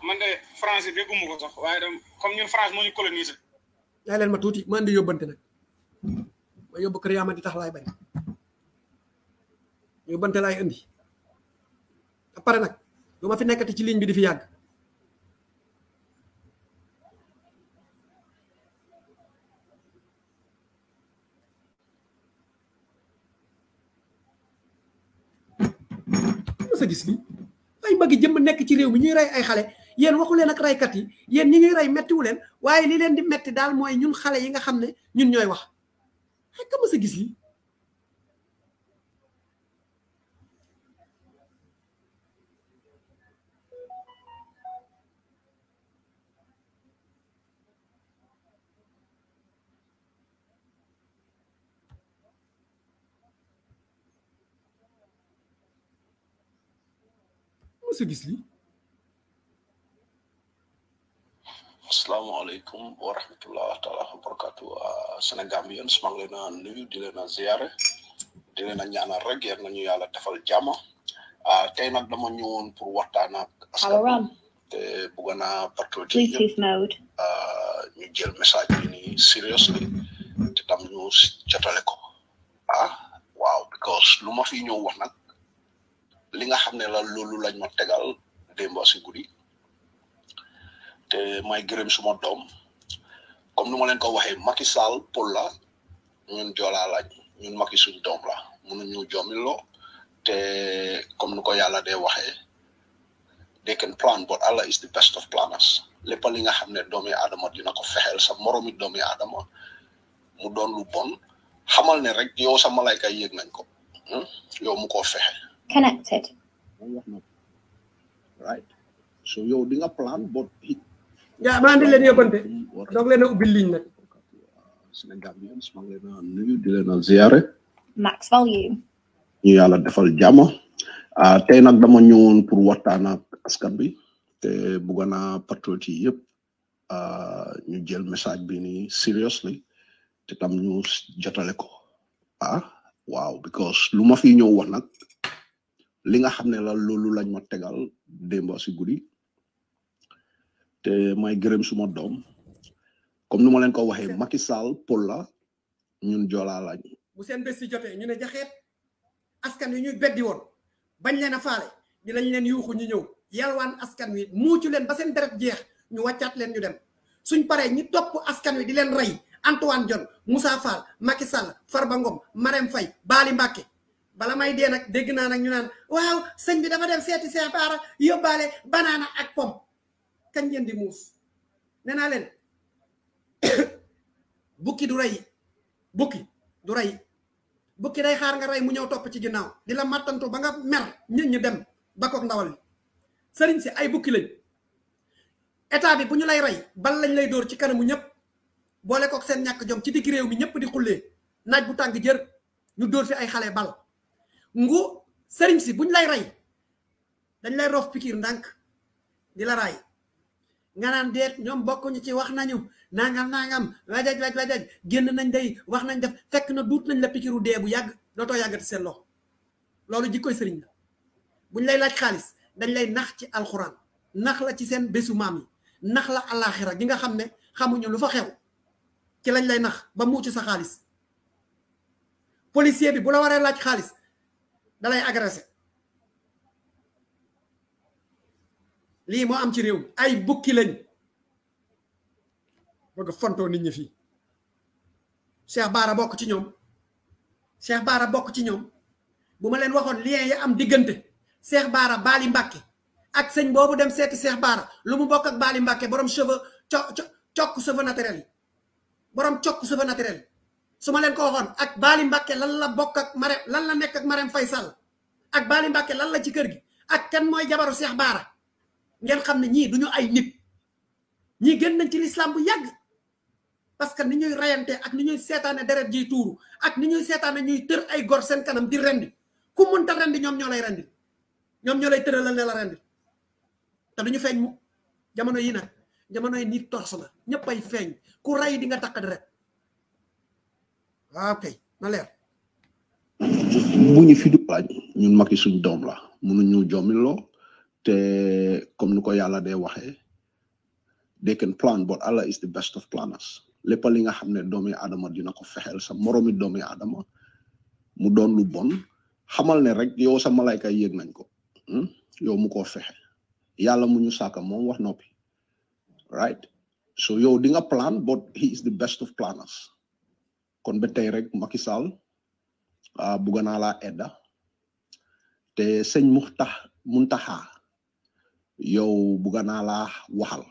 man de france dégguma ko sax waye dem comme ñun France moñu coloniser. yaa leen ma tuuti man di yobante nak ba yóbbu ko di tax laay bañ yóbbante laay indi ba nak duma fi nekkati ci ligne bi di fi yag sa gis ni ay magi jëm nekk ci réew mi ñuy ray ay xalé yéen waxu leen ak kat yi yéen ñi ray metti wu leen waye li leen di metti dal moy ñun xalé yi nga xamne ñun ñoy wax Ayakkabımızı gizleyin. Nasıl gizli? Assalamualaikum warahmatullahi taala wabarakatuh. Ah, Sene semanglena smanglena di lena ziarah di lena nyana rek yang nyu yalla defal jama. Ah tay nak dama ñëwoon pour waxtaan ak askan té bugana partout ci mode. Ah ñu jël message ni seriously te tam ñu ciatalé ko. Ah wow because luma fi ñëw wax nak li nga xamné la lolu lañ ma ci te may gërëm suma doom comme nu ma leen ko waxee Macky Sall pour la ñun jola lañ ñun Macky suñ doom la jomi lo te comme nu ko yàlla dee waxe they can plan but Allah is the best of planners lepp li nga xam ne doomi aadama dina ko fexel sa moromi doomi aadama mu doon lu bon xamal ne rek yow sa malaika yëg nañ ko hmm? yow mu ko fexé connected right so yow di nga plan but Ya maa ngi leen yóbbante donc leni ubi ubbi ligne nag. maa ngi nuyu di leen a max value. ñu yàlla defal jàmm tey nak dama ñëwoon pour waxtaan ak askan bi te bugg naa patriote yi ñu ah, jël message bi seriously te tam ñu ko ah wow, because lu ma fi nela wax nag li nga la lañ ma te may gërëm suma doom comme nu ma leen ko waxee Macky Sall pol la ñun jola lañ bu seen bëss ci ñu né askan yi ñu bëddi won bañ leena faalé ñu lañ leen yuuxu ñu ñëw yalwaan askan wi ci leen ba seen deret jeex ñu waccat leen ñu dem suñ paré ñi top askan wi di leen rey Antoine Diome Moussa Fall Macky Sall Farba Ngom Marème Faye Bali Mbacké bala may dé nak dégg na nak ñu naan waaw sëñ bi dafa dem yobalé banana ak pom kan ngeen di buki neena len buki du ray buki du ray buki day xaar nga ray mu ñew top ci di la ba nga mer ñit ñu dem ba ko ndawal serigne ci ay buki lañ état bi bu ñu lay ray bal lañ lay door ci kanamu ñëpp boole koog seen ñak jom ci digg rew mi ñep di xulle naaj bu tang jeer ñu door ci ay xalé bal ngu serigne ci buñ lay ray dañ lay rof pikir ndank di la nga naan déet ñoom bokkuñu ci wax nañu nangam nangam wajaj waj wajaj génn nañ day wax nañ def fekk na duut nañ la pikiru dee bu yàgg dootoo yàggati seen loxo loolu jikkoy sëriñ la buñ lay laaj xaalis dañ lay nax ci alxuraan nax la ci seen bésu maam nax la alaxira gi nga xam ne xamuñu lu fa xew ci lañ lay nax ba muucu sa xaalis policier bi bu la waree laaj xaalis dalay agressé lii moo am ci réew mi ay bukki lañ bëgg fontoo nit ñi fii Cheikh Bara bokk ci ñoom Cheikh Bara bokk ci ñoom bu ma leen waxoon lien ya am diggante Cheikh Bara baali Mbàkke ak sëñ boobu dem seeti seex Bara lu mu bokk ak Bali mbakke borom cheveux co cokk cheveux naturel yi boroom cokk cheveux naturel yi su ma leen ko waxoon ak Bali Mbàkke lan bokk ak Marème lan la nekk ak Marème Faye Sall ak baali Mbàkke lan la ci kër gi ak kan mooy jabaru seex baara ngeen xam ne ñii duñu ay nit ñi gën nañ ci l'islam bu yàgg parce que ni ñuy rayante ak ni ñuy seetaane deret jiy tuuru ak ni ñuy seetaane ñuy tër ay gor seen kanam di rendi ku mënta rendi ñoom ñoo lay rendi ñoom ñoo lay tëralal ne la rendi te duñu feeñ mu jamono yi nag jamono yi nit tors la ñëpp ay feeñ ku ray di nga takk deret ok na leer bu ñu fi du laaj ñun mag suñ doom la mënuñu te comme nu ko day waxee they can plan but Allah is the best of planners lepp li nga xam domi adama dina ko fexel sa moromi domi adama mu don lu bon xamal ne rek yow sa malaika yéeg nañ ko hmm? yow mu ko fexé yalla mu ñu saka mom wax nopi right so yow di nga plan but he is the best of planners kon ba tay rek Macky Sall ah, bugga naa laa edda te sëñ muntaha yow bugga naa laa waxal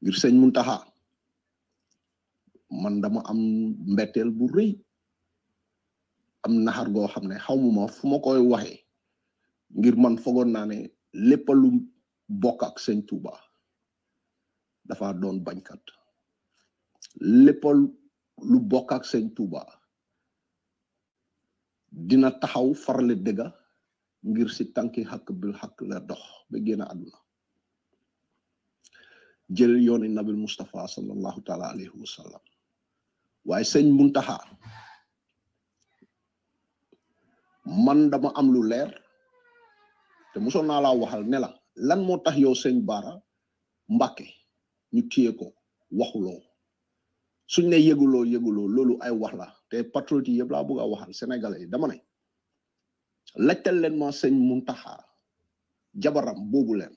ngir sëñ Muntaxa man dama am mbetteel bu rëy am naxar goo xam ne xaw ma fu ma koy waxe ngir man fogoon naa ne lépp lu bokk ak sëñ dafa doon bañkat lépp lu bokk ak sëñ dina taxaw farale dëgga ngir si tanki hak bil hak la dox be gene àdduna jël yoni nabil mustafa sallallahu taala alayhi Wasallam way señ muntaha man dama am lu leer te musona la waxal ne lan mo tax yow señ bara mbàkke ñu téye ko waxulo suñ ne yegulo yegulo lolu ay wax la te patriote yi yëpp laa bëgg waxal sénégalais dama ne laajtal leen ma sëñ muntaha jabaram boobu leen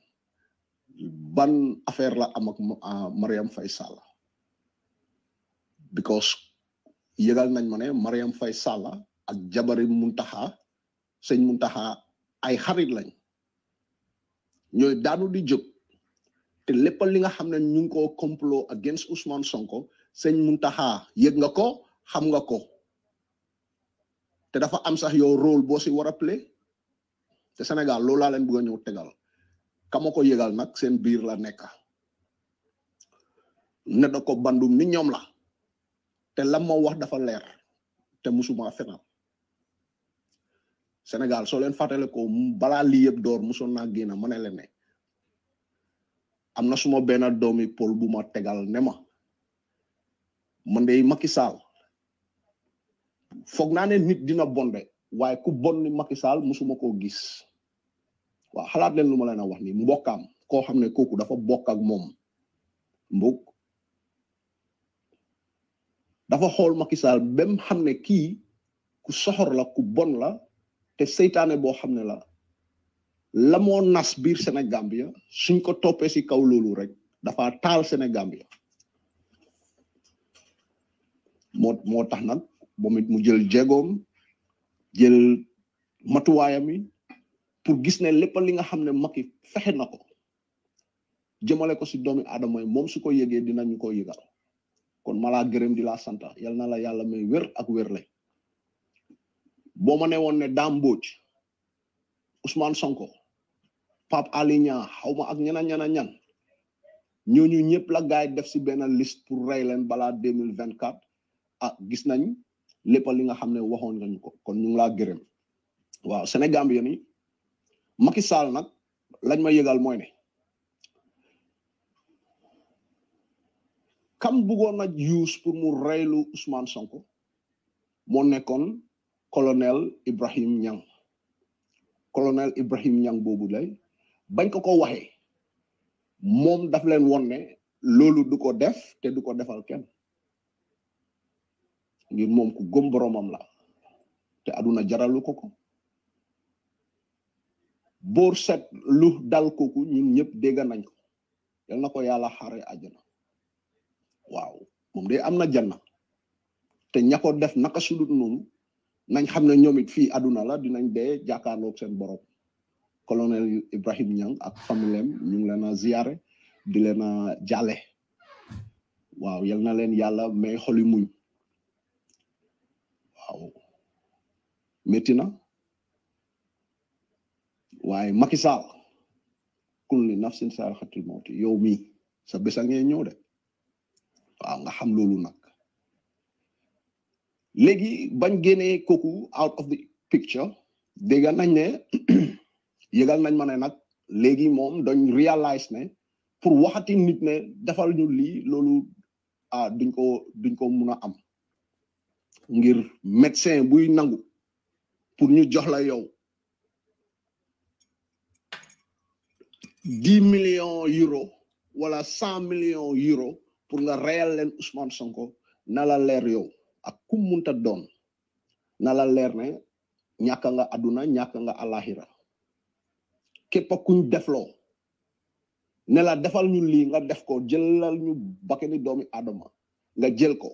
ban affaire la am ak mariam fay sala because yëgal nañ ma ne mariam fay sala ak jabari muntaha sëñ muntaha ay xarit lañ ñooy daanu di jóg te lépp li nga xam ne ñu ngi complot against Ousmane Sonko sëñ muntaha, yëg nga ko xam nga ko te dafa am sax yow rôle boo si war play te Sénégal loolu laa leen bëgg a ñëw tegal kama ko yëgal nag seen biir la nekk ne da ko bandum ni ñoom la te lam ma wax dafa leer te musuma fenal Sénégal soo leen fàttale ko bala lii yëpp door musoon naa génn ma ne leen ne am na suma benn doomi pol bu ma tegal ne ma man day Macky foog naa ne nit dina bonde waaye ku bon ni Macky Sall musuma koo gis waaw xalaat leen lu ma leen a wax ni mbokkaam koo xam ne kooku dafa bokk ak moom mbokk dafa xool Macky Sall bem xam ne kii ku soxor la ku bon la te seytaane boo xam ne la la moo nas biir Sénégambia suñ ko toppee si kaw loolu rek dafa taal Sénégambia moo moo tax nag momit mu jël matuayami jël matuwaayam yi pour gis ne lépp li nga xam ne Macky fexe na ko jëmale doomi aadama yi moom su ko yëgee dinañu ko yëgal kon mala dilasanta di la santa yal na la yàlla may wér ak wér lay boo ma ne woon ne Dame Mbodj Ousmane Sonko pap Alé Niang xaw ma ak ñana ñana ñan ñooñu ñëpp la gaay def si benn liste pour rey leen balaa ah gis nañ lépp li nga xam ne waxoon nga ko kon ñu ngi laa gërëm waaw Sénégal yi nii Macky Sall nag lañ ma yegal mooy kam buggoon na use pour mu reylu Ousmane Sonko moo nekkoon colonel Ibrahim Niang colonel Ibrahim Niang boobu lay bañ ko ko waxee moom daf leen woon ne loolu du ko def te du ko defal kenn. ngir moom ku gëm boromam la te aduna jaralu ko ko boor set lu dal kooku ñun ñëpp dégg nañ ko yal na ko yàlla xare àjjana waaw moom de am na janna te ña def naka sudut noonu nañ xam ne ñoom it fii aduna la dinañ dee jàkkaarloog seen borom colonel Ibrahim Niang ak familem ñu ngi leen a ziyaare di leen a jàlle waaw yal na leen yàlla may xoli muñ waaw métti na waaye Macky Sall kulli nafsin saaqatul mawti yow mii sa bés a ngee ñëw de waaw nga xam loolu nag léegi bañ génnee kooku out of the picture dégg nañ ne *clears throat* yëgal nañ ma ne nag léegi moom dañ réalise ne pour waxati nit ne defal ñu lii loolu ah duñ ko duñ ko mun a am ngir médecin buy nangu pour ñu jox la yow dix millions euro wala cent millions euro pour nga reyal leen Ousmane Sonko na la leer yow ak ku munta doon nala leer ne ñàkk nga àdduna ñàkk nga àllaaxira képp kuñ defloo ne la defal ñu lii nga def ko jëlal ñu bakkani doomi Adama nga jël ko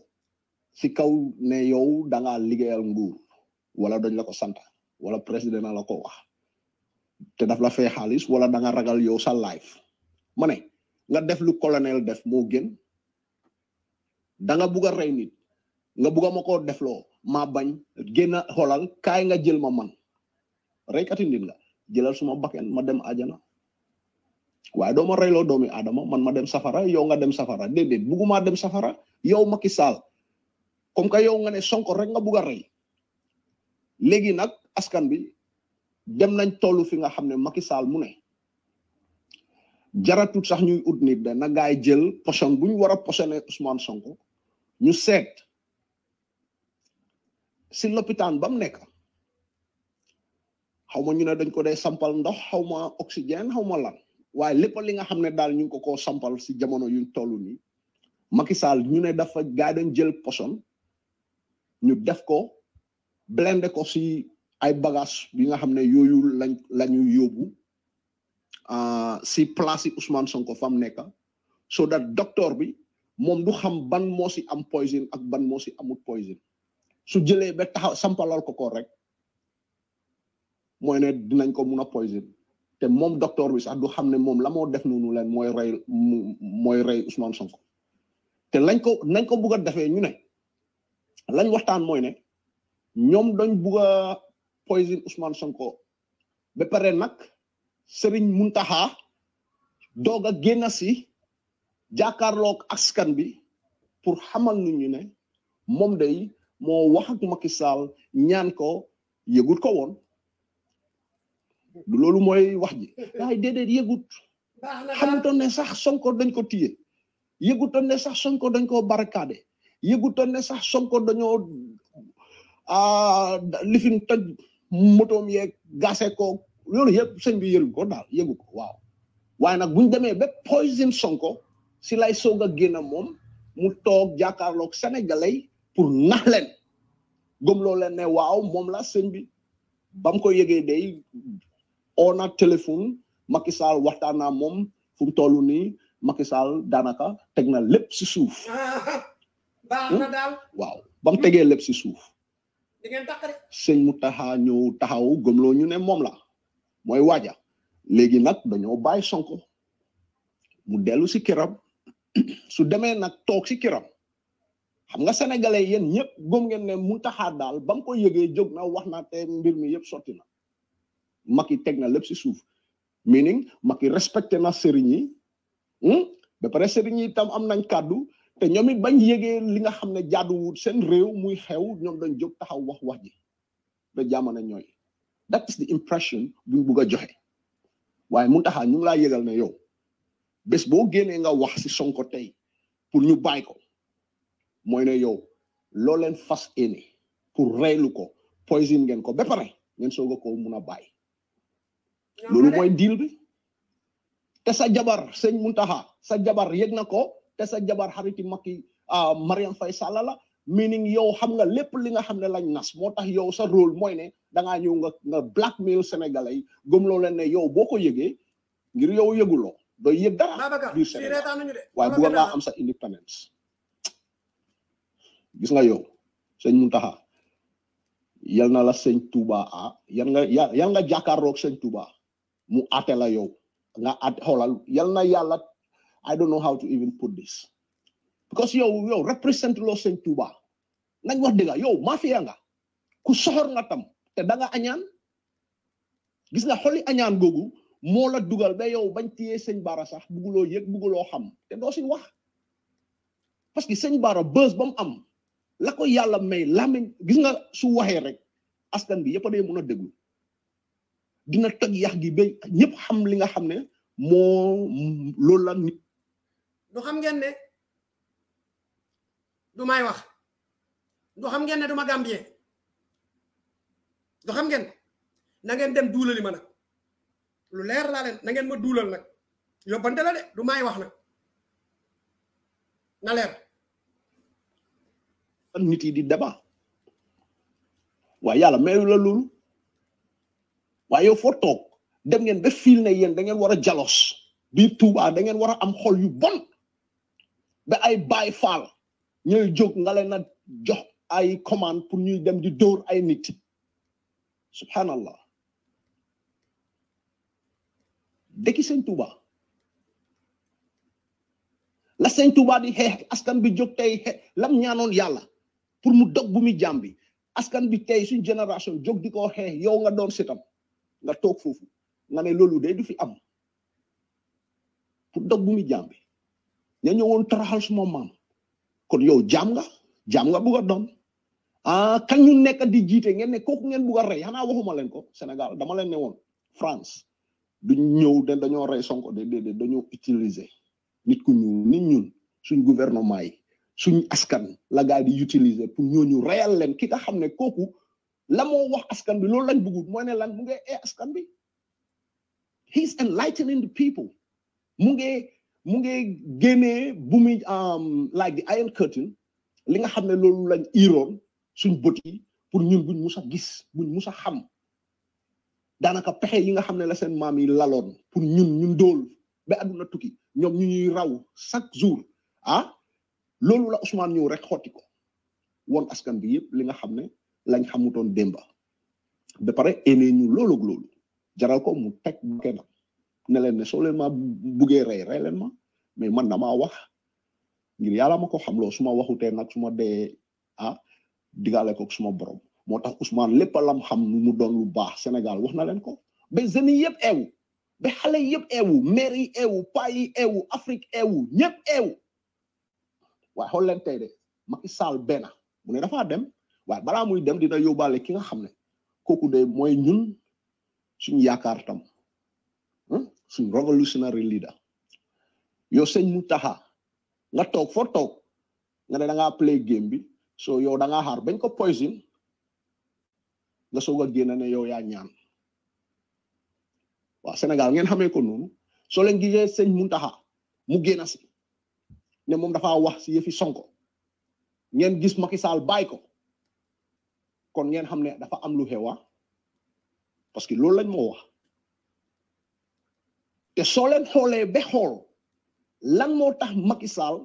ci kaw ne yow da nga liggéeyal nguur wala dañ la ko sant wala président la ko wax te daf la fay xaalis wala da nga ragal yow sa life ma ne nga def lu colonel def moo gën da nga bugg a rey nit nga bugg a ma koo defloo maa bañ génn xolal kaay nga jël ma man reykati nit nga jëlal suma bakken ma dem ajana waaye doo ma doomi adama man ma dem safara yow nga dem safara déedéet bugguma dem safara yow makisal comme que yow nga ne sonko rek nga bugg a rey léegi askan bi dem nañ tollu fi nga xam ne Macky Sall mu ne jaratut sax ñuy ut nit da na gaay jël poson buñ wara war Ousmane Sonko ñu sét ci l'hôpital bam nekk xawma ñu ne dañ ko day sampal ndox xawma ma oxygène xawma ma lan waaye lépp li nga xam dal ñu ko ko sampal si jamono yuñ toluni, ni Macky Sall ñu ne dafa gaay dañ jël poson ñu def ko blende ko si ay bagage bi nga xam yoyu lañu yobu ah si place Usman Ousmane Sonko fam nekk so that docteur bi mom du xam ban mosi si am poison ak ban mo si amut poison su jele ba taxaw sampalal ko ko rek moy ne dinañ ko mëna poison te mom docteur bi sax du xam mom la mo def noonu leen moy ray moy ray Ousmane Sonko te lañ ko nañ ko bëgg ñu lañ waxtaan mooy ne ñoom dañ bugg poison Ousmane Sonko ba pare nag Serigne Muntaha doog a génn si jàkkaarloog askan bi pour xamal nu ñu ne moom day moo wax ak Macky Sall ñaan ko yëgut ko woon du loolu mooy wax ji waaye déedéet yëgut xamutoon ne sax Sonko dañ ko yëgutoon ne sax Sonko dañ ko yëgutoon ne sax Sonko dañoo lifin toj motoom yeeg gase ko loolu yëpp sëñ bi yëgu ko daal yëgu ko waaw waaye nag buñ demee ba poison Sonko si lay soog a génn moom mu toog jàkkaarloog sénégalais pour nax leen gëmloo leen ne waaw moom la sëñ bi ba mu ko yëgee day on a téléphone Macky Sall waxtaan naa moom fu mu toll nii Macky Sall daanaka teg na lépp si suuf. *laughs* baax hmm? na daal waaw ba mu tegee lépp si suuf di sëñ mu taxaa ñëw taxaw gëmloo ñu ne moom la mooy waaja léegi nag dañoo bàyyi sonko mu dellu si kiram *clears throat* su demee nag toog si kiram xam nga sénégalais yéen ñëpp gëm ngeen ne mu taxaa daal ba mu ko yëgee jóg na wax na te mbir mi yëpp sotti na Macky teg na lépp si suuf meaning Macky respecté na sëriñ yi hmm? ba pare sëriñ tam am nañ kàddu te ñoom it bañ yege li nga xam ne jaaduwut seen réew muy xew ñoom dañ jog taxaw wax wax ji ba jamono ñooy that is the impression buñ bugg a joxe waaye mun taxaa ñu ngi laa yégal ne yow bés boo génnee nga wax si Sonko tey pour ñu bàyyi ko mooy ne yow loo leen fas éene pour reylu ko poison ngeen ko ba pare ngeen soog a ko mun a bàyyi loolu mooy deal bi te sa jabar sëñ Muntaxa sa jabar yëg na ko te sa jabar xariti makki ah, Mariam Fay Salala, la meaning yow xam nga lépp li nga xam ne lañ nas moo tax yow sa rôle mooy ne dangaa ñëw nga nga blackmail sénégalais yi gëmloo leen ne yow boo ko yëgee ngir yow yëguloo dooy yëg dara biir Sénégal waaye bu ngaa am sa independence gis nga yow sëñ Muntaxa yal na la sëñ Touba a yal nga yal nga jàkkaarloog sëñ Touba mu ate la yow nga at xoolal yal na yàlla I don't know how to even put this because yo, yo, represent Los seigne touba nañ wax deug mafia nga Kusohor nga tam te da nga gis nga xoli anyan gogu Mola dugal be yo, bañ tiyé seigne bara bugulo yek bugulo ham. te do seigne wax parce bara buzz bam am Lako yala yalla may lamiñ gis nga su waherek. askan bi yépp day muna degu. dina tag yah gibe, nyep ham linga ham ne. mo lola nip du xam ngeen ne du may wax du xam ngeen ne du ma gambien du xam ngeen na ngeen dem duulali ma lu leer laa leen na ngeen ma duulal nag yóbbante la de du may wax nag na leer nit yi di daba waaye yàlla mayu la loolu waaye yow foo toog dem ngeen ba fiil ne yéen da ngeen war jalos biir tuubaa da ngeen war am xol yu bon ba ay Baay Faal ñooy jóg nga leen jox ay commande pour ñuy dem di dóor ay nit subhanallah dëkki sëñ Tuuba la sëñ Tuuba di xeex askan bi jóg tey lam ñaanoon yàlla pour mu dog bu muy jàmbi askan bi tey suñ génération jóg di ko xeex yow nga doon sitam nga toog foofu nga ne loolu day du fi am pour dog bu muy jàmbi ñu won toroxal suma mam kon yow jam nga jam nga bugg a ah kan ñu nekk di jité ngeen ne kooku ngeen bugg a rey waxuma len ko senegal dama len ne France du ñew de dañu ray sonko de de dañu utiliser nit ku ñu nit ñun suñ gouvernement yi suñ askan la gaay di utiliser pour ñooñu rayal len ki nga xamne koku la wax askan bi loolu lañ bëggul mooy ne lan mu ngi ee eh, askan bi he's enlightening the people mu ngi mu ngi génnee bu muy um, like the iron li nga xam ne loolu lañ iroon suñ bët yi pour ñun buñ mus gis buñ musa xam daanaka pexe yi nga xam ne la seen maam yi laloon pour ñun ñun dool ba àdduna tukki ñoom ñu ñuy raw chaque jour ah loolu la Ousmane ñëw rek xotti ko woon askan bi yëpp li nga xam ne lañ xamutoon démba ba pare énee ñu loolu loolu jaral ko mu teg ba ne len ne soo ma buggee ray ray len ma mais man dama wax ngir yalla mako ko lo suma ma nak suma de ah digaale ko suma borom motax Ousmane lepp lam xam mu doon lu bax Sénégal wax na len ko be jeunes yi yëpp be xalé xale yëpp mère yi eewu pa yi eewu Afrique eewu ñëpp eewu wa xool leen de maki sal bena mu ne dafa dem wa bala muy dem dina yobale ki nga xam koku de mooy ñun suñu suñ revolutionary leader yow sëñ Muntaxa nga toog foo toog nga ne da apple play bi so yow da xaar bañ ko poison nga soog a génn ne yow yaa ñaan waaw Sénégal ngeen xamee ko noonu soo leen gisee sëñ taxa mu génn si ne moom dafa wax si yëfi Sonko ngeen gis Macky Sall bàyyi ko kon ngeen xam ne dafa am lu xewa ah, parce que loolu lañ moo wax. te soo leen xoolee ba xool lan mo tax Macky Sall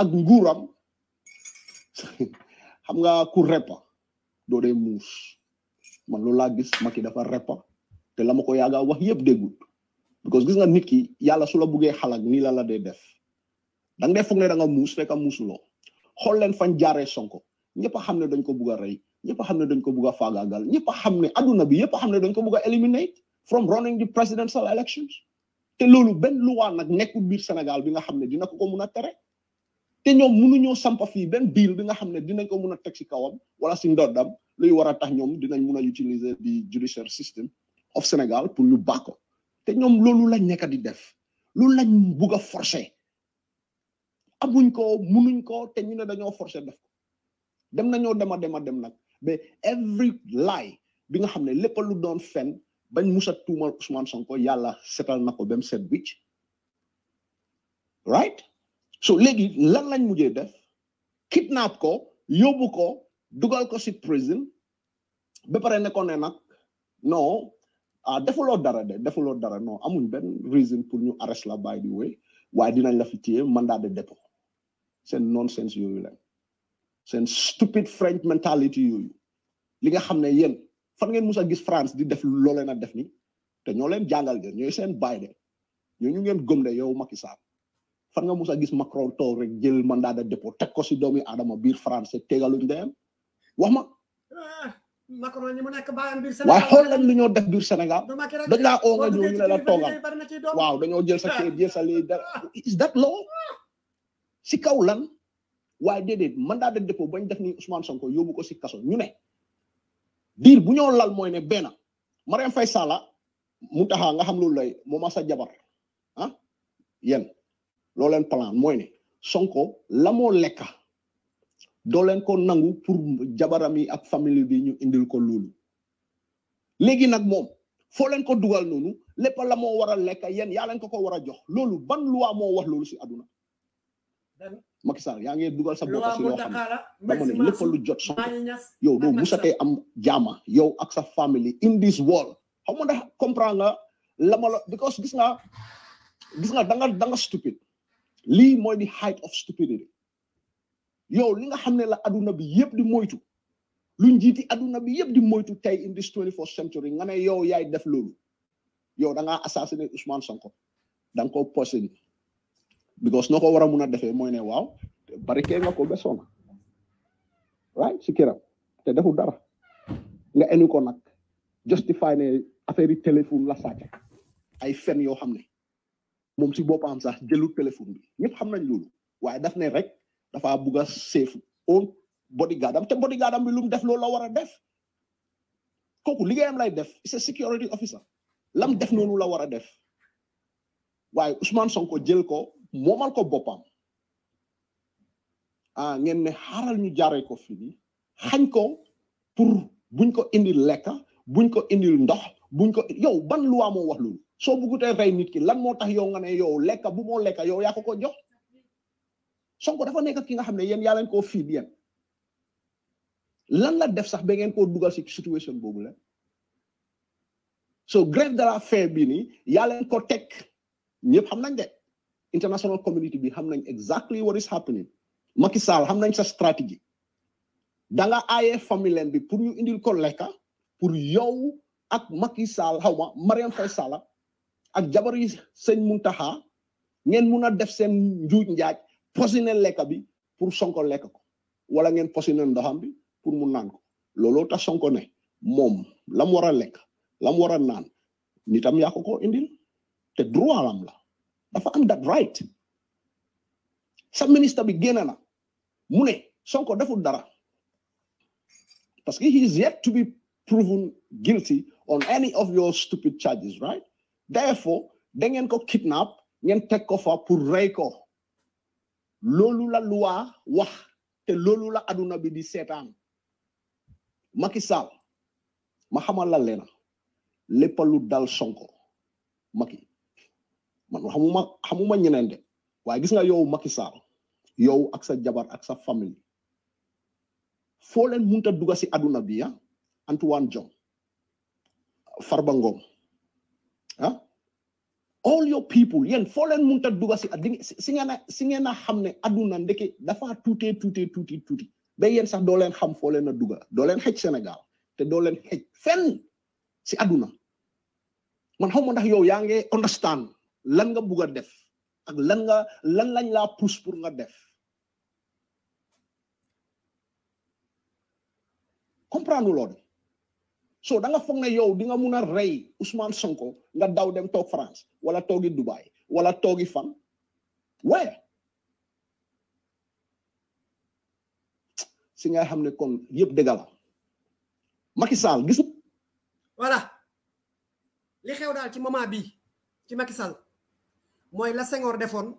ak nguram xam *laughs* nga ku repa do dee mous man loolu la gis Macky dafa repa te la ko wax yeb déggut because gis nga nit ki yalla su la bugge xalak ni la la dee def dang def dee ne da nga muus fekk muusuloo xol len fan jare sonko ñepp a xam ne dañ ko bugga a rey xam ne dañ ko bugga a faagaagal ñëpp xam ne bi ñepp xam ne dañ ko bugga eliminate from running the presidential elections te lolu ben loi nak nekkul bir Sénégal bi nga xam dina ko mëna téré a ñom mënu ñoo sampa fi ben bill bi nga xam dina ko mëna tek ci kawam wala ci ndodam luy wara tax ñom dinañ mëna utiliser di judiciaire system of Sénégal pour ñu bako té ñom lolu lañ nekk di def loolu lañ bëgga forcer amuñ ko mënuñ ko té ñu ne dañoo forcer def ko dem nañoo dema dema dem nak be every lie bi nga xam lepp lu doon fenn bañ musa tuumal Ousmane Sonko yàlla setal na ko ba mu set right so léegi lan lañ mujjee def kidnap ko yóbbu ko dugal ko si prison ba pare ne ko ne nag non ah defuloo dara de defuloo dara non amuñ benn reason pour ñu arrest la by the way waaye dinañ la fi téye mandat de dépôt seen nonsense yooyu lañ seen stupid French mentality yooyu li nga xam ne yéen fan ngeen musa gis France di def lolé na a def ni te ñoo leen jangal de ñoy seen bay de ñu ngeen gomlé yow Macky Sall fan nga musa gis Macron to rek jël mandat de dépôt tek ko ci doomi Adama biir France tégaluñ dem, wax ma. Ah, Macron ñi mu nekk baayam biir def biir Sénégal dañ laa oo nga ñu la waaw dañoo jël sa jël sa is that law si kaw lan waaye déedéet mandat de dépôt bañ def ni Ousmane Sonko yóbbu ko si kaso ñu ne. diir bu ñoo lal mooy ne benn Marième Faye Sall mu taxaa nga xam loolu lay moo ma sa jabar ah yéen loo leen plan mooy ne Sonko la moo lekka doo leen ko nangu pour jabaram yi ak famille bi ñu indil ko loolu léegi nag moom foo leen ko dugal noonu lépp la moo war a lekk yéen yaa leen ko ko war a jox loolu ban loi moo wax loolu si àdduna Macky Sall yaa ngi dugal sa bopp si loo xam ne dama ne lépp lu jot son yow doo musa tey am jaama yow ak sa family in this world xaw ma ndax comprendre nga la ma la because gis nga gis nga da nga stupid lii mooy di height of stupidity yow li nga xam ne la aduna bi yëpp di moytu lu njiiti aduna bi yëpp di moytu tey in this 24th century nga ne yow yaay def loolu yow da nga assassiner Ousmane Sonko da nga koo because noo ko war a mun a defee mooy ne waaw barikee nga ko ba sonn right si kiram te defu dara nga enu ko nag justify ne affaire yi téléphone la sàcc ay fen yoo xam ne moom si boppam sax jëlu téléphone bi ñëpp xam nañ loolu waaye def ne rek dafa bugga a safe own bodyguard am te bodyguard am bi lu def loolu la war a def kooku liggéeyam lay def c'est security officer lam def noonu la war a def waaye Ousmane Sonko jël ko momal ko bopam. ah ngeen ne haral ñu jaaree ko fi nii ko pour buñ ko indil lekk buñ ko indil ndox buñ ko yow ban loi mo wax so bu bëggutee fay nit ki lan mo tax yow nga ne yow lekk bu mo lekk yow ya ko ko jox sonko dafa nekk ki nga xamne yeen ya. lañ ko fi fii lan la def sax be ngeen ko duggal ci situation bobu la so grève de la faim bi ni ya lañ ko tek ñepp xam nañ de international community bi xam nañ exactly what is happening maki Sall xam nañ sa stratégie da nga aaye famille bi pour ñu indil ko pour yow ak Macky Sall xaw ma Mariam Faye Sall ak jabar yi sëñ taxa ngeen mun a def seen njuuj njaaj posine lekka bi pour Sonko lekk ko wala ngeen posine ndoxam bi pour mu naan ko looloo tax Sonko ne moom lam war a lekk lam war a naan nitam yaa ko ko indil te droit am la I am that right Some minister bi na uh, mu ne Sonko deful dara Because he is yet to be proven guilty on any of your stupid charges right therefore then ngeen ko kidnap ngeen take off fa pour Lolula Lua loolu te loolu aduna bi di seetaan mahamala Lena ma xamal dal Sonko Macky man xamuma xamuma ñeneen de waaye gis nga yow Macky yow ak sa jabar ak sa famille foo leen munta duga si aduna bi ya Antoine Diome Farba Ngom ah all your people yen foo leen munta duga si si ngeen a si ngeen a xam ne aduna ndeke dafa tuti tuutee tuuti tuuti ba yen sax doo leen xam foo leen a duga doo leen xej Sénégal te doo leen xej fenn si aduna man xaw yo ndax yow yaa ngi understand lan nga bugg a def ak lan nga lan lañ laa pousse pour nga def comprendre loolu so da foog ne yow di nga mun a rey Ousmane Sonko nga daw dem toog France wala toogi Dubai wala toogi fan waaye si nga xam ne kon yëpp dëgg la Macky Sall li xew daal ci moment bi ci Macky mooy la Senghor defoon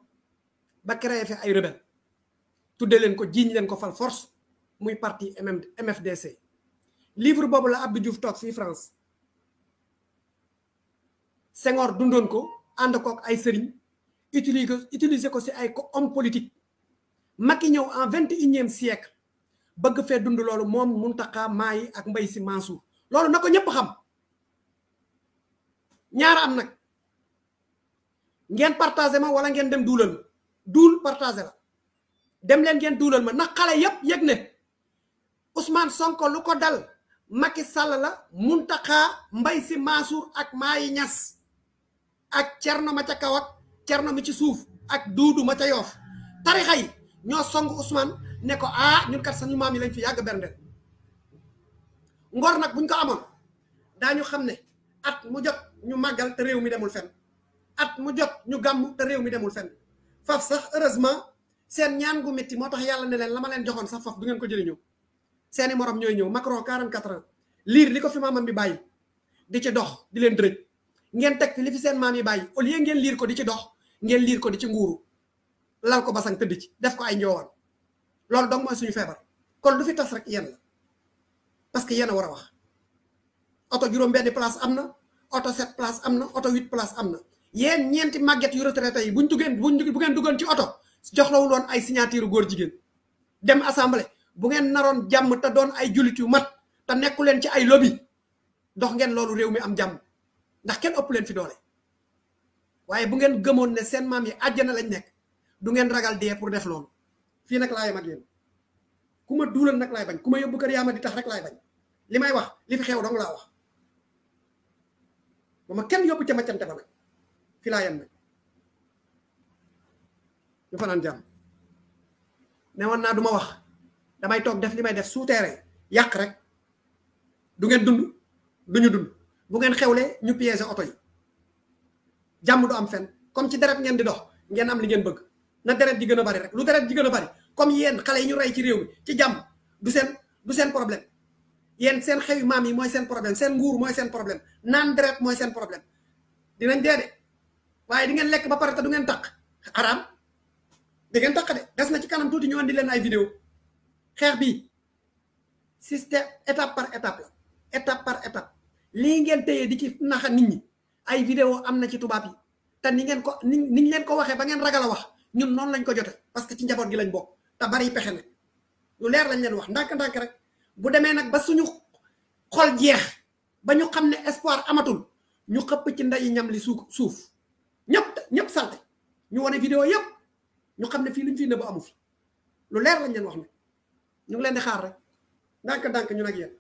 ba créé fi ay rebelle tudde leen ko jiiñ leen ko fal force muy parti MM MFDC livre boobu la Abdou Diouf toog fii France Senghor dundoon ko ànd ak ay sëriñ utiliser utiliser ko si ay ko homme politique Macky ñëw en 21 e siècle bëgg fee dund loolu moom muntaka Mahi ak Mbaye Sy Mansour loolu na ko ñëpp xam ñaar am nag ngeen partagé ma wala ngeen dem duulal ma duul partagé la dem leen ngeen duulal ma ndax xale yépp yëg ne Ousmane Sonko lu ko dal Macky Sall la Mountakha mbay Sy Mansour ak Mayi ñas ak Thierno ma ca kaw ak Thierno mi ci suuf ak Doudou ma ca yoof tarixa yi ñoo song Ousmane ne ko ah ñun kat sañu maam yi lañ fi yàgg berndeel ngor nag buñ ko amoon daañu xam ne at mu jot ñu màggal te réew mi demul fenn at mu jot ñu gam te rew mi demul fenn faf sax heureusement seen ñaan gu metti motax yalla ne len lama len joxon sax faf du ngeen ko jëriñoo seeni morom ñoy ñew Macron 44 ans lire liko fi mamam bi bàyyi di ci dox di len dreej ngeen tek fi li fi seen maam yi bàyyi au lieu ngeen lire ko di ci dox ngeen lire ko di ci nguru lal ko basang teud ci def ko ay njoowaan lol dong moy suñu febar kon du fi tass rek yéen la parce que yéen wara wax auto juroom benn place amna auto 7 place amna auto 8 place amna Yen ñeenti magget yu retraité yi buñ dugen buñ bu ngeen dugon ci jox la wulon ay signature goor jigen dem assemblée bu ngeen naron jam ta doon ay julit yu mat ta nekku len ci ay lobby dox ngeen lolu rew mi am jam ndax kenn ëpp len fi doole waye bu ngeen gëmon ne sen mam yi aljana lañ nek du ngeen ragal dé pour def lool fi nak lay mag yeen kuma duulal nak lay bañ kuma yobbu kër yaama di tax rek lay bañ limay wax li fi xew dong la wax ba ma kenn yóbbu ca maccante ba nak client lañ ñu fanaan jàmm newoon naa du ma wax damay toog def li may def souterrain yàq rek du ngeen dund du ñu dund bu ngeen xewlee ñu piéger oto yi jàmm du am fenn comme ci deret ngeen di dox ngeen am li ngeen bëgg na deret ji gën a bari rek lu deret ji gën a bari comme yéen xale yi ñu rey ci réew mi ci jàmm du seen du seen problème yéen seen xewi maam yi mooy problème nguur problème problème dinañ waye di ngeen lek ba pare te du ngeen tak haram kan di ngeen takk gas na ci kanam tuti ñu andi len ay vidéo xex bi système étape par étape la étape par étape li ngeen téye di ci naxa kan nit ñi ay vidéo am na ci tubaab yi ta ni ngeen ko ni niñ leen ko waxee ba ngeen ragal wax ñun non lañ ko jotté parce que ci njabot gi lañ bok ta bari pexé na lu leer lañ leen wax ndank ndank rek bu démé nak ba suñu xol jeex ba ñu xamné espoir amatul ñu xëpp ci nday ñam li suuf ñëpp salte ñu wane vidéo yëpp ñu xam ne fii liñ fii ne ba amu fi lu leer lañ leen wax ne ñu ngi leen di xaar rek ndànk-ndànk ñu nag yéen